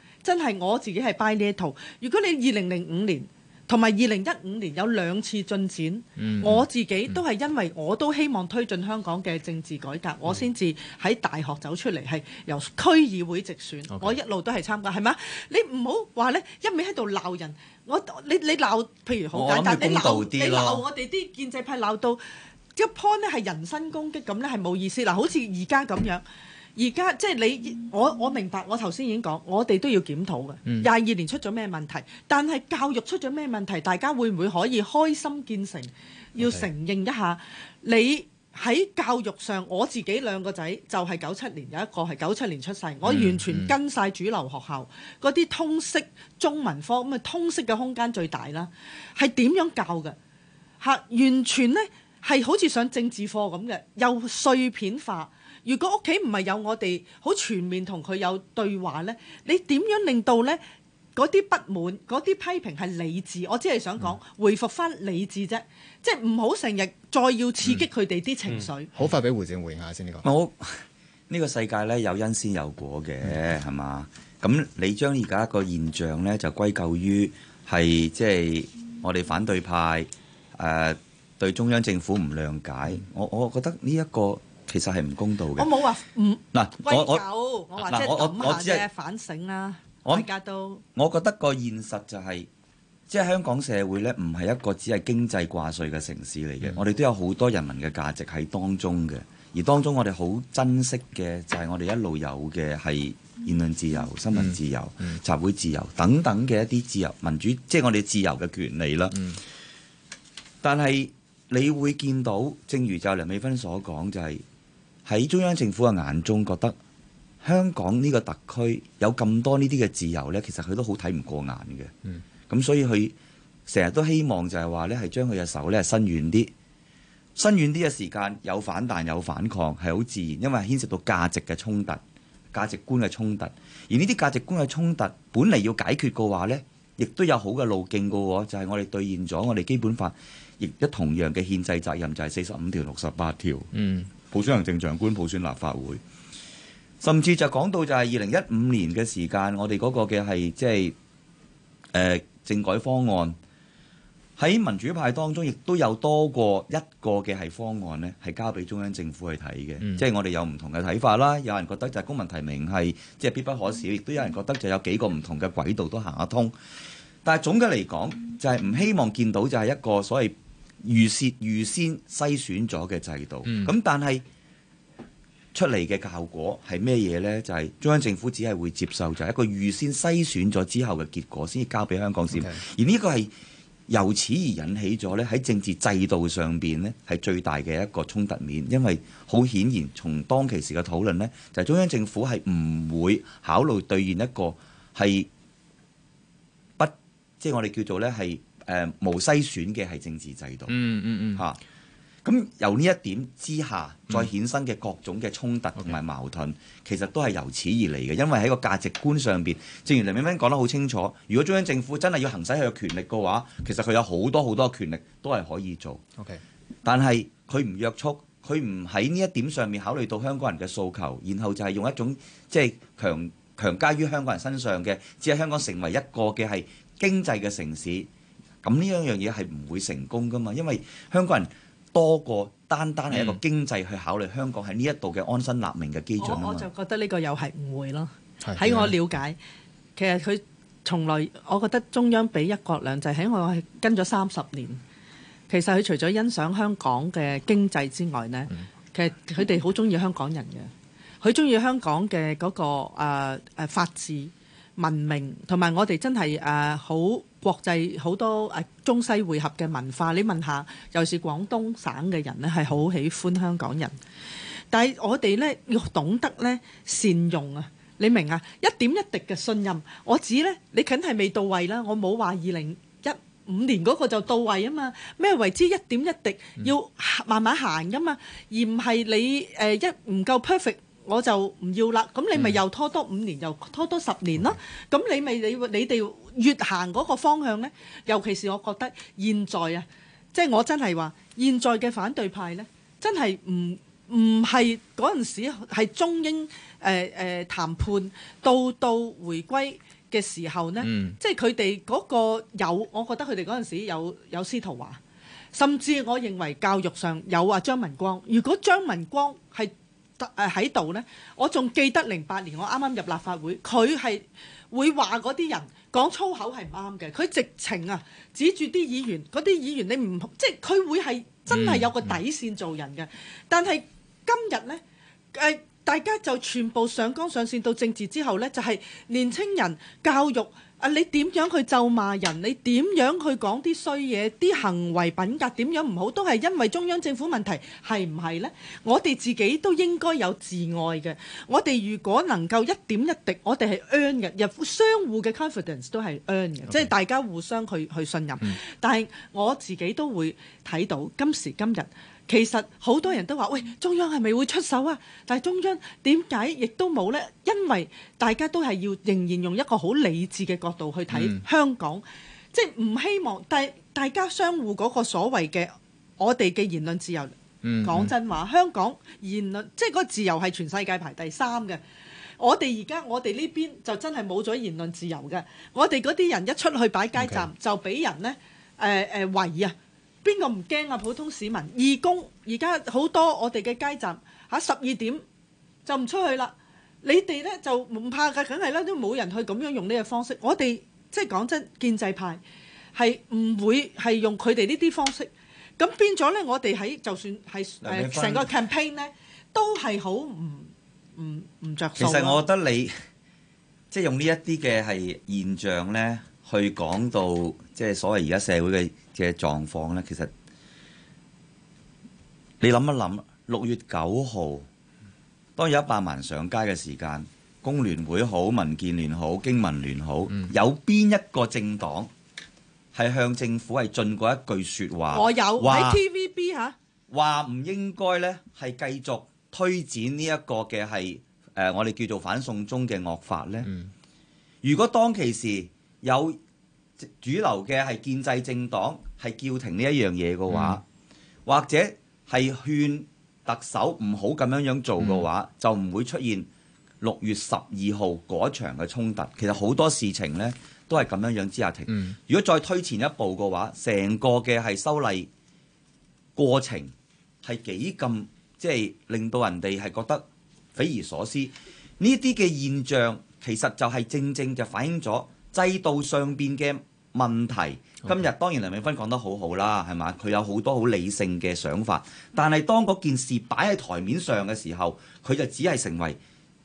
真係我自己係 buy 呢一套。如果你二零零五年同埋二零一五年有兩次進展，我自己都係因為我都希望推進香港嘅政治改革，我先至喺大學走出嚟，係由區議會直選，我一路都係參加，係嘛？你唔好話呢，一味喺度鬧人，我你你鬧，譬如好簡單，你鬧你鬧我哋啲建制派鬧到一樖呢係人身攻擊，咁呢係冇意思。嗱，好似而家咁樣。而家即係你，我我明白。我頭先已經講，我哋都要檢討嘅。廿二、嗯、年出咗咩問題，但係教育出咗咩問題，大家會唔會可以開心見誠？要承認一下，Okay. 你喺教育上，我自己兩個仔就係九七年有一個係九七年出世，嗯、我完全跟晒主流學校嗰啲、嗯嗯、通識中文科咁啊，通識嘅空間最大啦。係點樣教嘅？吓，完全咧係好似上政治課咁嘅，又碎片化。如果屋企唔係有我哋好全面同佢有對話呢，你點樣令到呢嗰啲不滿、嗰啲批評係理智？我只係想講回覆翻理智啫，嗯、即係唔好成日再要刺激佢哋啲情緒。好、嗯嗯、快俾胡志偉回應下先、這、呢個。呢個、世界呢，有因先有果嘅係嘛？咁、嗯、你將而家個現象呢，就歸咎於係即係我哋反對派誒、呃、對中央政府唔諒解。嗯、我我覺得呢、這、一個。其實係唔公道嘅。我冇話唔嗱，我我嗱我我我只係反省啦。大家都我覺得個現實就係、是，即、就、係、是、香港社會咧，唔係一個只係經濟掛帥嘅城市嚟嘅。嗯、我哋都有好多人民嘅價值喺當中嘅，而當中我哋好珍惜嘅就係我哋一路有嘅係言論自由、新聞自由、嗯嗯、集會自由等等嘅一啲自由民主，即、就、係、是、我哋自由嘅權利啦。嗯、但係你會見到，正如就梁美芬所講，就係、是。喺中央政府嘅眼中，覺得香港呢個特區有咁多呢啲嘅自由呢，其實佢都好睇唔過眼嘅。咁、嗯、所以佢成日都希望就係話呢係將佢嘅手呢伸遠啲，伸遠啲嘅時間有反彈有反抗係好自然，因為牽涉到價值嘅衝突、價值觀嘅衝突。而呢啲價值觀嘅衝突本嚟要解決嘅話呢，亦都有好嘅路徑嘅喎，就係、是、我哋兌現咗我哋基本法亦都同樣嘅憲制責任就條條，就係四十五條、六十八條。嗯。普選行政長官、普選立法會，甚至就講到就係二零一五年嘅時間，我哋嗰個嘅係即係誒政改方案喺民主派當中，亦都有多過一個嘅係方案呢，係交俾中央政府去睇嘅。即係我哋有唔同嘅睇法啦。有人覺得就係公民提名係即係必不可少，亦都有人覺得就有幾個唔同嘅軌道都行得通。但係總嘅嚟講，就係唔希望見到就係一個所謂預先預先篩選咗嘅制度，咁、嗯、但係出嚟嘅效果係咩嘢呢？就係、是、中央政府只係會接受就係一個預先篩選咗之後嘅結果，先至交俾香港市民。Okay. 而呢個係由此而引起咗呢喺政治制度上邊呢係最大嘅一個衝突面，因為好顯然從當其時嘅討論呢，就係、是、中央政府係唔會考慮兌現一個係不即係、就是、我哋叫做呢係。誒、呃、無篩選嘅係政治制度，嗯嗯嗯嚇。咁、啊、由呢一點之下，嗯、再衍生嘅各種嘅衝突同埋矛盾，Okay. 其實都係由此而嚟嘅。因為喺個價值觀上邊，正如梁美芬講得好清楚，如果中央政府真係要行使佢嘅權力嘅話，其實佢有好多好多權力都係可以做。O.K.，但係佢唔約束，佢唔喺呢一點上面考慮到香港人嘅訴求，然後就係用一種即係、就是、強強加於香港人身上嘅，只係香港成為一個嘅係經濟嘅城市。咁呢樣樣嘢係唔會成功噶嘛，因為香港人多過單單係一個經濟去考慮，香港喺呢一度嘅安身立命嘅基礎嘛。我，我就覺得呢個又係誤會咯。喺的我了解，其實佢從來我覺得中央俾一國兩制，喺我係跟咗三十年。其實佢除咗欣賞香港嘅經濟之外呢，嗯、其實佢哋好中意香港人嘅，佢中意香港嘅嗰、那個誒、啊啊、法治。文明同埋我哋真係誒好國際好多誒中西匯合嘅文化，你問下，尤其是廣東省嘅人咧，係好喜歡香港人。但係我哋咧要懂得咧善用啊，你明啊？一點一滴嘅信任，我指咧你梗係未到位啦。我冇話二零一五年嗰個就到位啊嘛。咩為之一點一滴要慢慢行噶嘛，而唔係你誒一唔夠 perfect。我就唔要啦，咁你咪又拖多五年，又拖多十年咯。咁、嗯、你咪你你哋越行嗰個方向呢？尤其是我覺得現在啊，即係我真係話，現在嘅反對派呢，真係唔唔係嗰陣時係中英誒誒談判到到回歸嘅時候呢，嗯、即係佢哋嗰個有，我覺得佢哋嗰陣時有有司徒華，甚至我認為教育上有啊張文光。如果張文光係。誒喺度呢，我仲記得零八年我啱啱入立法會，佢係會話嗰啲人講粗口係唔啱嘅，佢直情啊指住啲議員，嗰啲議員你唔即係佢會係真係有個底線做人嘅，但係今日呢，誒、呃、大家就全部上綱上線到政治之後呢，就係、是、年青人教育。啊！你點樣去咒罵人？你點樣去講啲衰嘢？啲行為品格點樣唔好？都係因為中央政府問題，係唔係呢？我哋自己都應該有自愛嘅。我哋如果能夠一點一滴，我哋係 earn 嘅，亦相互嘅 confidence 都係 earn 嘅，Okay. 即係大家互相去去信任。嗯、但係我自己都會睇到今時今日。其實好多人都話：喂，中央係咪會出手啊？但係中央點解亦都冇呢？因為大家都係要仍然用一個好理智嘅角度去睇香港，嗯、即係唔希望。但係大家相互嗰個所謂嘅我哋嘅言論自由，嗯、講真話，嗯、香港言論即係嗰個自由係全世界排第三嘅。我哋而家我哋呢邊就真係冇咗言論自由嘅。我哋嗰啲人一出去擺街站，Okay. 就俾人呢誒誒圍啊！邊個唔驚啊？普通市民義工而家好多，我哋嘅街站嚇十二點就唔出去啦。你哋呢就唔怕㗎，梗係啦，都冇人去咁樣用呢個方式。我哋即係講真，建制派係唔會係用佢哋呢啲方式。咁變咗呢，我哋喺就算係成個 campaign 呢，都係好唔唔唔著數。其實我覺得你即係用呢一啲嘅係現象呢，去講到即係所謂而家社會嘅。嘅狀況呢，其實你諗一諗，六月九號當有一百萬上街嘅時間，工聯會好、民建聯好、經民聯好，嗯、有邊一個政黨係向政府係進過一句説話？我有喺 TVB 嚇話唔應該呢係繼續推展呢一個嘅係誒，我哋叫做反送中嘅惡法呢。嗯、如果當其時有主流嘅係建制政黨係叫停呢一樣嘢嘅話，嗯、或者係勸特首唔好咁樣樣做嘅話，嗯、就唔會出現六月十二號嗰場嘅衝突。其實好多事情呢都係咁樣樣之下停。嗯、如果再推前一步嘅話，成個嘅係修例過程係幾咁即係令到人哋係覺得匪夷所思。呢啲嘅現象其實就係正正就反映咗制度上邊嘅問題，今日 Okay. 當然梁美芬講得好好啦，係嘛？佢有好多好理性嘅想法，但係當嗰件事擺喺台面上嘅時候，佢就只係成為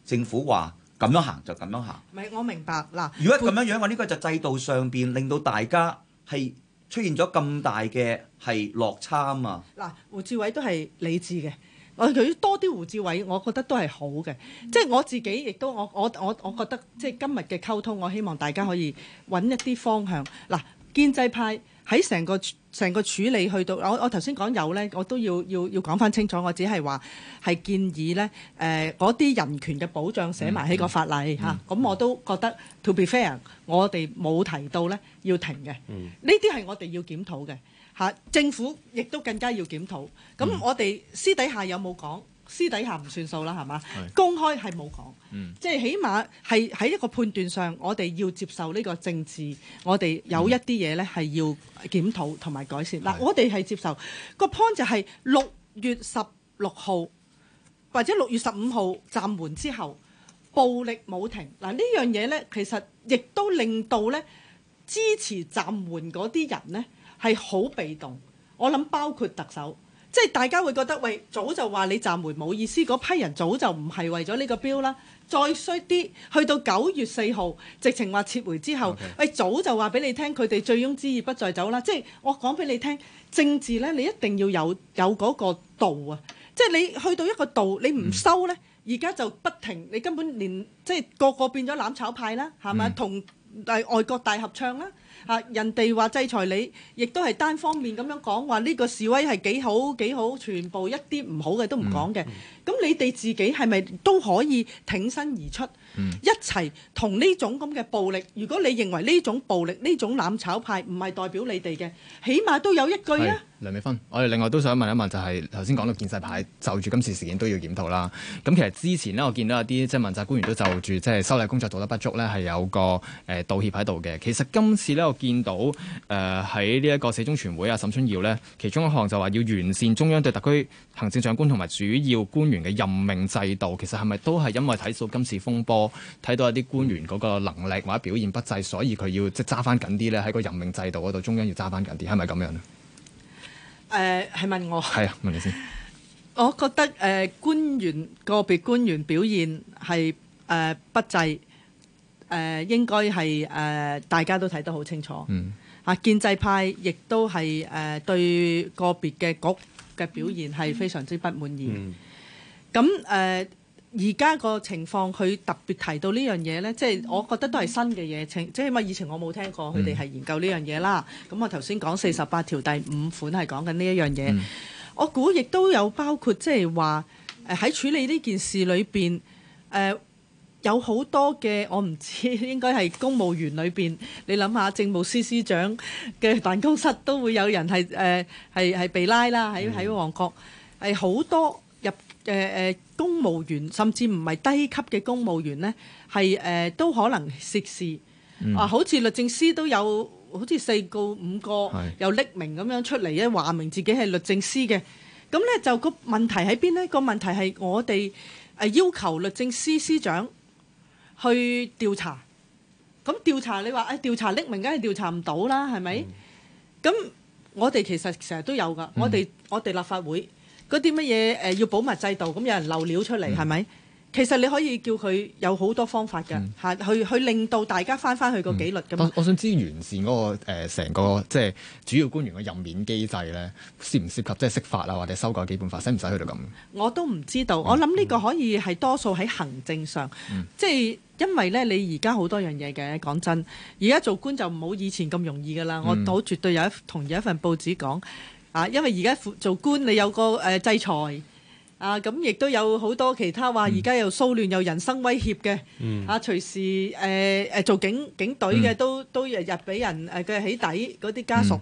政府話咁樣行就咁樣行。唔係，我明白嗱。如果咁樣樣話呢個就制度上邊令到大家係出現咗咁大嘅係落差啊嘛。嗱，胡志偉都係理智嘅。我多啲胡志偉，我覺得都係好嘅。即係我自己亦都，我我我我覺得，即係今日嘅溝通，我希望大家可以揾一啲方向。嗱，建制派喺成個成個處理去到，我我頭先講有咧，我都要要要講返清楚。我只係話係建議咧，誒嗰啲人權嘅保障寫埋喺個法例嚇。咁、mm hmm. 啊、我都覺得 to be fair，我哋冇提到咧要停嘅。呢啲係我哋要檢討嘅。嚇！政府亦都更加要檢討。咁、嗯、我哋私底下有冇講？私底下唔算數啦，係嘛？是公開係冇講，嗯、即係起碼係喺一個判斷上，我哋要接受呢個政治，我哋有一啲嘢呢係要檢討同埋改善。嗱、嗯，我哋係接受個 point 就係六月十六號或者六月十五號暫緩之後，暴力冇停。嗱呢樣嘢呢，其實亦都令到呢支持暫緩嗰啲人呢。係好被動，我諗包括特首，即係大家會覺得喂，早就話你暫緩冇意思，嗰批人早就唔係為咗呢個標啦。再衰啲，去到九月四號，直情話撤回之後，Okay. 喂，早就話俾你聽，佢哋醉翁之意不在酒啦。即係我講俾你聽，政治呢，你一定要有有嗰個度啊。即係你去到一個度，你唔收呢，而家、mm. 就不停，你根本連即係個個變咗攬炒派啦，係咪同係外國大合唱啦，嚇人哋話制裁你，亦都係單方面咁樣講話呢個示威係幾好幾好，全部一啲唔好嘅都唔講嘅。咁、嗯、你哋自己係咪都可以挺身而出，嗯、一齊同呢種咁嘅暴力？如果你認為呢種暴力、呢種攬炒派唔係代表你哋嘅，起碼都有一句啊。梁美芬，我哋另外都想問一問，就係頭先講到建制派，就住今次事件都要檢討啦。咁其實之前呢，我見到有啲即係問責官員都就住即係修例工作做得不足呢，係有個誒、呃、道歉喺度嘅。其實今次呢，我見到誒喺呢一個四中全會啊，沈春耀呢，其中一項就話要完善中央對特區行政長官同埋主要官員嘅任命制度。其實係咪都係因為睇到今次風波，睇到一啲官員嗰個能力或者表現不濟，所以佢要即揸翻緊啲呢？喺個任命制度嗰度，中央要揸翻緊啲，係咪咁樣咧？誒係、呃、問我係啊，問你先。 [laughs] 我覺得誒、呃、官員個別官員表現係誒不濟，誒、呃、應該係誒、呃、大家都睇得好清楚。嗯，啊建制派亦都係誒對個別嘅局嘅表現係非常之不滿意。咁誒、嗯。嗯而家個情況，佢特別提到呢樣嘢呢，即係我覺得都係新嘅嘢，即係嘛，以前我冇聽過佢哋係研究呢、嗯、樣嘢啦。咁我頭先講四十八條第五款係講緊呢一樣嘢，嗯、我估亦都有包括即係話，喺處理呢件事裏邊，誒、呃、有好多嘅，我唔知應該係公務員裏邊，你諗下政務司司長嘅辦公室都會有人係誒係係被拉啦，喺喺旺角係好多入誒誒。呃呃公務員甚至唔係低級嘅公務員呢，係誒都可能涉事啊！好似律政司都有，好似四個五個有匿名咁樣出嚟呢，話明自己係律政司嘅。咁呢就個問題喺邊呢？個問題係我哋誒要求律政司司長去調查。咁調查你話誒調查匿名梗係調查唔到啦，係咪？咁我哋其實成日都有㗎，我哋我哋立法會。嗰啲乜嘢誒要保密制度，咁有人漏料出嚟係咪？其實你可以叫佢有好多方法㗎吓，去去令到大家翻翻去個紀律㗎嘛。我想知完善嗰個誒成個即係主要官員嘅任免機制咧，涉唔涉及即係釋法啊，或者修改基本法，使唔使去到咁？我都唔知道，我諗呢個可以係多數喺行政上，即係因為咧，你而家好多樣嘢嘅講真，而家做官就唔好以前咁容易㗎啦。我好絕對有一同意一份報紙講。啊，因為而家做官你有個誒、呃、制裁啊，咁亦都有好多其他話。而家又騷亂，又人身威脅嘅、嗯、啊，隨時誒誒、呃、做警警隊嘅、嗯、都都日日俾人誒佢、呃、起底嗰啲家屬，嗯、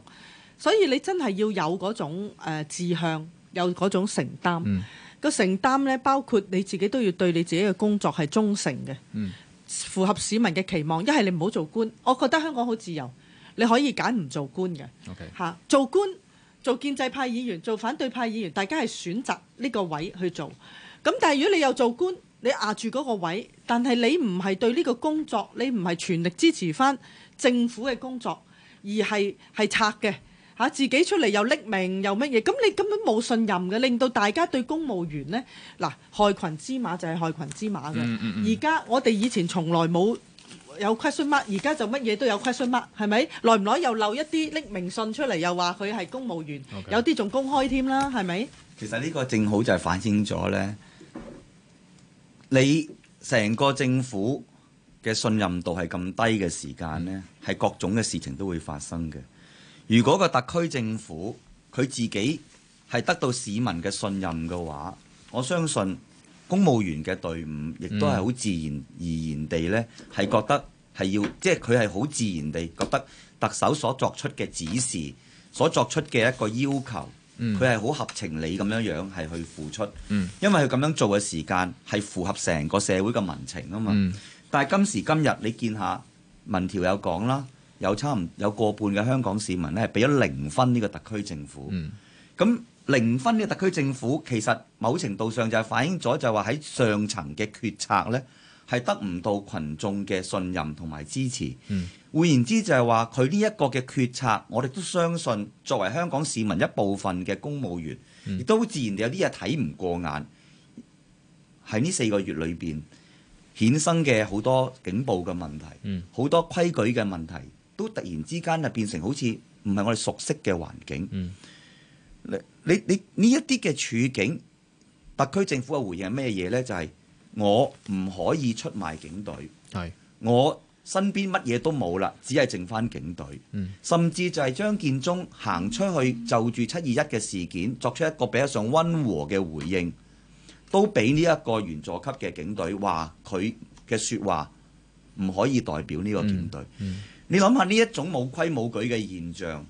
所以你真係要有嗰種志、呃、向，有嗰種承擔、嗯、個承擔咧，包括你自己都要對你自己嘅工作係忠誠嘅，嗯、符合市民嘅期望。一係你唔好做官，我覺得香港好自由，你可以揀唔做官嘅嚇做官。Okay. 做建制派議員、做反對派議員，大家係選擇呢個位去做。咁但係如果你又做官，你壓住嗰個位，但係你唔係對呢個工作，你唔係全力支持返政府嘅工作，而係係拆嘅嚇，自己出嚟又匿名又乜嘢，咁你根本冇信任嘅，令到大家對公務員呢，嗱，害群之馬就係害群之馬嘅。而家、嗯嗯嗯、我哋以前從來冇。有 question mark，而家就乜嘢都有 question mark，係咪？耐唔耐又漏一啲匿名信出嚟，又話佢係公務員，有啲仲公開添啦，係咪？其實呢個正好就係反映咗呢，你成個政府嘅信任度係咁低嘅時間呢，係各種嘅事情都會發生嘅。如果個特區政府佢自己係得到市民嘅信任嘅話，我相信。公務員嘅隊伍亦都係好自然而然地呢，係覺得係要，即係佢係好自然地覺得特首所作出嘅指示，所作出嘅一個要求，佢係好合情理咁樣樣係去付出，嗯、因為佢咁樣做嘅時間係符合成個社會嘅民情啊嘛。嗯、但係今時今日你，你見下民調有講啦，有差唔有過半嘅香港市民咧係俾咗零分呢個特區政府，咁、嗯。零分嘅特區政府，其實某程度上就係反映咗，就係話喺上層嘅決策呢，係得唔到群眾嘅信任同埋支持。嗯、換言之，就係話佢呢一個嘅決策，我哋都相信作為香港市民一部分嘅公務員，亦、嗯、都自然地有啲嘢睇唔過眼。喺呢四個月裏邊，衍生嘅好多警暴嘅問題，好、嗯、多規矩嘅問題，都突然之間啊變成好似唔係我哋熟悉嘅環境。嗯你你呢一啲嘅處境，特區政府嘅回應係咩嘢呢？就係、是、我唔可以出賣警隊，係是我身邊乜嘢都冇啦，只係剩翻警隊，嗯、甚至就係張建宗行出去就住七二一嘅事件作出一個比得上溫和嘅回應，都俾呢一個員佐級嘅警隊話佢嘅説話唔可以代表呢個警隊。嗯嗯、你諗下呢一種冇規冇矩嘅現象。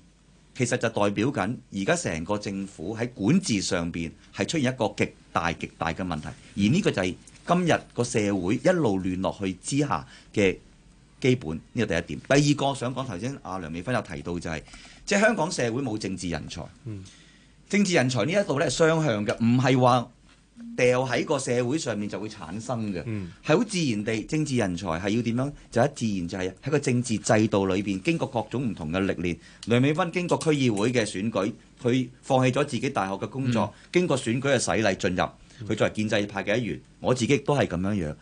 其實就代表緊，而家成個政府喺管治上邊係出現一個極大極大嘅問題，而呢個就係今日個社會一路亂落去之下嘅基本，呢個第一點。第二個想講頭先阿梁美芬有提到就係、是，即係香港社會冇政治人才，政治人才呢一度呢，係雙向嘅，唔係話。掉喺個社會上面就會產生嘅，係好、嗯、自然地政治人才係要點樣就一自然就係喺個政治制度裏邊經過各種唔同嘅歷練。梁美芬經過區議會嘅選舉，佢放棄咗自己大學嘅工作，嗯、經過選舉嘅洗禮進入佢作為建制派嘅一員。我自己亦都係咁樣樣。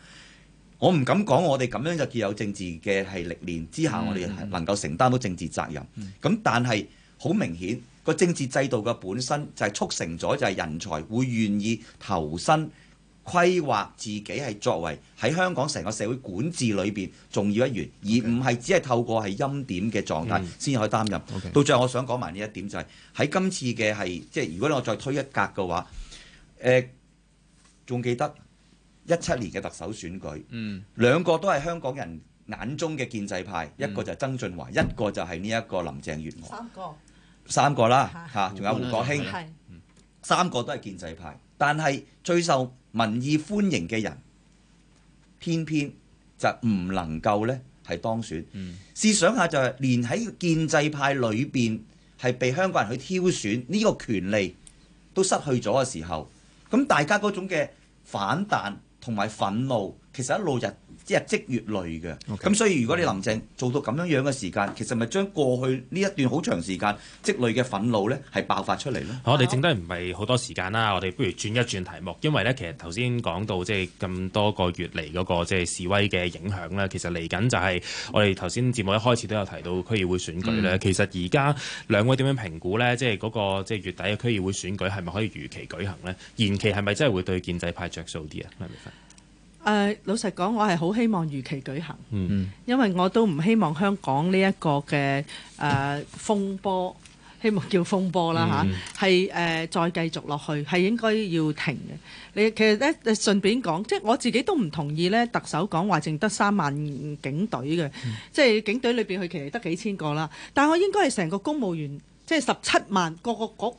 我唔敢講我哋咁樣就具有政治嘅係歷練之下，嗯、我哋能夠承擔到政治責任。咁、嗯嗯、但係。好明顯，個政治制度嘅本身就係促成咗，就係人才會願意投身規劃自己係作為喺香港成個社會管治裏邊重要一員，Okay. 而唔係只係透過係欽點嘅狀態先可以擔任。Okay. 到最後，我想講埋呢一點就係、是、喺今次嘅係，即係如果我再推一格嘅話，仲、呃、記得一七年嘅特首選舉，嗯、兩個都係香港人眼中嘅建制派，嗯、一個就係曾俊華，一個就係呢一個林鄭月娥。三個。三個啦嚇，仲、啊、有胡國興，的三個都係建制派，但係最受民意歡迎嘅人，偏偏就唔能夠呢，係當選。嗯、試想下就係連喺建制派裏邊係被香港人去挑選呢個權利都失去咗嘅時候，咁大家嗰種嘅反彈同埋憤怒。其實一路日日積月累嘅，咁 Okay, 所以如果你林鄭做到咁樣樣嘅時間，嗯、其實咪將過去呢一段好長時間積累嘅憤怒呢係爆發出嚟咯。我哋、啊啊、剩低唔係好多時間啦，我哋不如轉一轉題目，因為呢，其實頭先講到即係咁多個月嚟嗰個即係示威嘅影響呢，其實嚟緊就係我哋頭先節目一開始都有提到區議會選舉呢。嗯、其實而家兩位點樣評估呢？即係嗰個即係月底嘅區議會選舉係咪可以如期舉行呢？延期係咪真係會對建制派着數啲啊？誒、呃，老實講，我係好希望如期舉行，嗯、因為我都唔希望香港呢一個嘅誒、呃、風波，希望叫風波啦嚇，係、啊、誒、嗯呃、再繼續落去，係應該要停嘅。你其實咧誒，順便講，即係我自己都唔同意咧，特首講話淨得三萬警隊嘅，嗯、即係警隊裏邊佢其實得幾千個啦，但係我應該係成個公務員，即係十七萬個個局。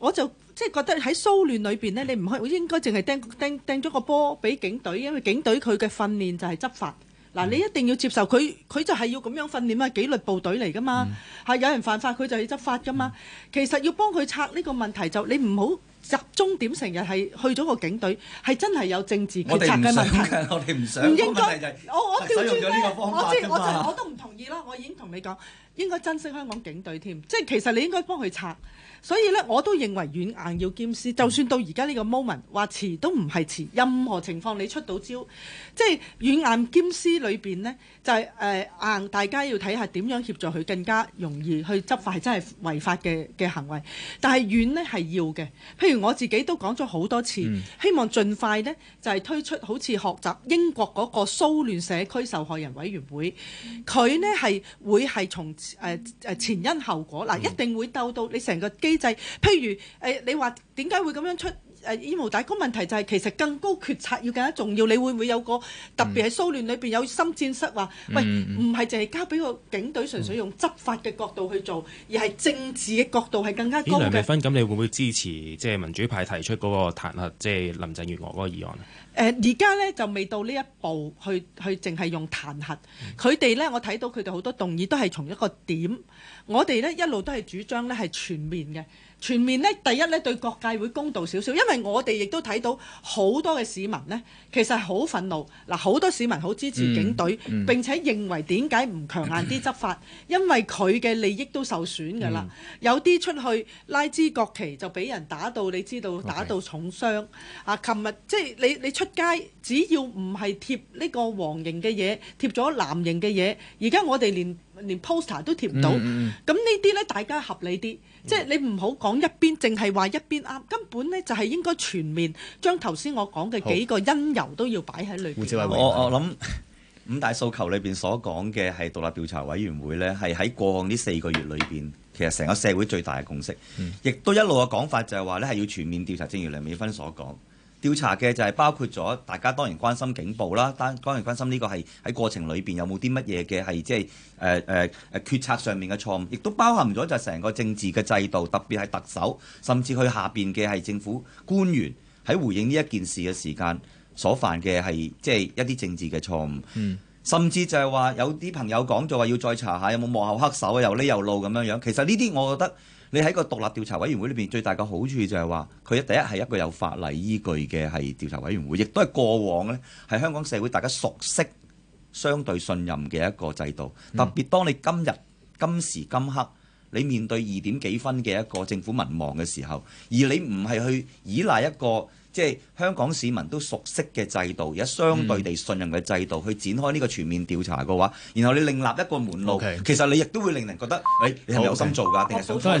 我就即係覺得喺騷亂裏邊咧，你唔可以應該淨係掟掟掟咗個波俾警隊，因為警隊佢嘅訓練就係執法。嗱，你一定要接受佢，佢就係要咁樣訓練啊！紀律部隊嚟噶嘛，係有人犯法，佢就要執法噶嘛。其實要幫佢拆呢個問題，就你唔好集中點成日係去咗個警隊，係真係有政治決策嘅問題。我哋唔想，我哋唔想，唔應該。我我調轉咧，我知，我就我都唔同意啦。我已經同你講，應該珍惜香港警隊添。即係其實你應該幫佢拆。所以咧，我都認為軟硬要兼施。就算到而家呢個 moment，話遲都唔係遲，任何情況你出到招，即係軟硬兼施裏邊咧，就係誒硬。大家要睇下點樣協助佢更加容易去執法、法，係真係違法嘅嘅行為，但係軟咧係要嘅。譬如我自己都講咗好多次，嗯、希望盡快咧就係、是、推出好似學習英國個騷亂社區受害人委員會，佢咧係會係從誒誒前因後果嗱，嗯、一定會鬥到你成個。機制、就是，譬如誒、欸，你話點解會咁樣出誒煙幕彈？個、欸、問題就係、是、其實更高決策要更加重要。你會唔會有個特別喺蘇聯裏邊有心戰室話？喂、嗯，唔係淨係交俾個警隊純粹用執法嘅角度去做，嗯、而係政治嘅角度係更加高嘅。梁美芬，咁你會唔會支持即係、就是、民主派提出嗰個彈劾即係、就是、林鄭月娥嗰個議案啊？誒而家咧就未到呢一步去去淨係用彈劾。佢哋咧我睇到佢哋好多動議都係從一個點，我哋咧一路都係主張咧係全面嘅，全面咧第一咧對各界會公道少少，因為我哋亦都睇到好多嘅市民呢，其實好憤怒，嗱好多市民好支持警隊，嗯嗯、並且認為點解唔強硬啲執法，嗯、因為佢嘅利益都受損㗎啦，嗯、有啲出去拉支國旗就俾人打到，你知道打到重傷，啊 Okay.，琴日即係你你。你出街只要唔係貼呢個黃型嘅嘢，貼咗藍型嘅嘢，而家我哋連連 poster 都貼唔到，咁呢啲呢，這這大家合理啲，即係、嗯、你唔好講一邊，淨係話一邊啱，根本呢就係應該全面將頭先我講嘅幾個因由都要擺喺裏邊。胡志偉，我我諗五大訴求裏邊所講嘅係獨立調查委員會呢，係喺過往呢四個月裏邊，其實成個社會最大嘅共識，亦、嗯、都一路嘅講法就係話呢，係要全面調查正，正如梁美芬所講。調查嘅就係包括咗大家當然關心警暴啦，但當然關心呢個係喺過程裏邊有冇啲乜嘢嘅係即係誒誒誒決策上面嘅錯誤，亦都包含咗就成個政治嘅制度，特別係特首，甚至佢下邊嘅係政府官員喺回應呢一件事嘅時間所犯嘅係即係一啲政治嘅錯誤，嗯、甚至就係話有啲朋友講就話要再查下有冇幕後黑手啊，又呢又路咁樣樣，其實呢啲我覺得。你喺個獨立調查委員會裏面最大嘅好處就係話，佢第一係一個有法例依據嘅係調查委員會，亦都係過往呢係香港社會大家熟悉、相對信任嘅一個制度。特別當你今日今時今刻你面對二點幾分嘅一個政府民望嘅時候，而你唔係去依賴一個即係香港市民都熟悉嘅制度，而家相對地信任嘅制度去展開呢個全面調查嘅話，然後你另立一個門路，Okay. 其實你亦都會令人覺得、哎、你係有心做㗎，定係想？Okay.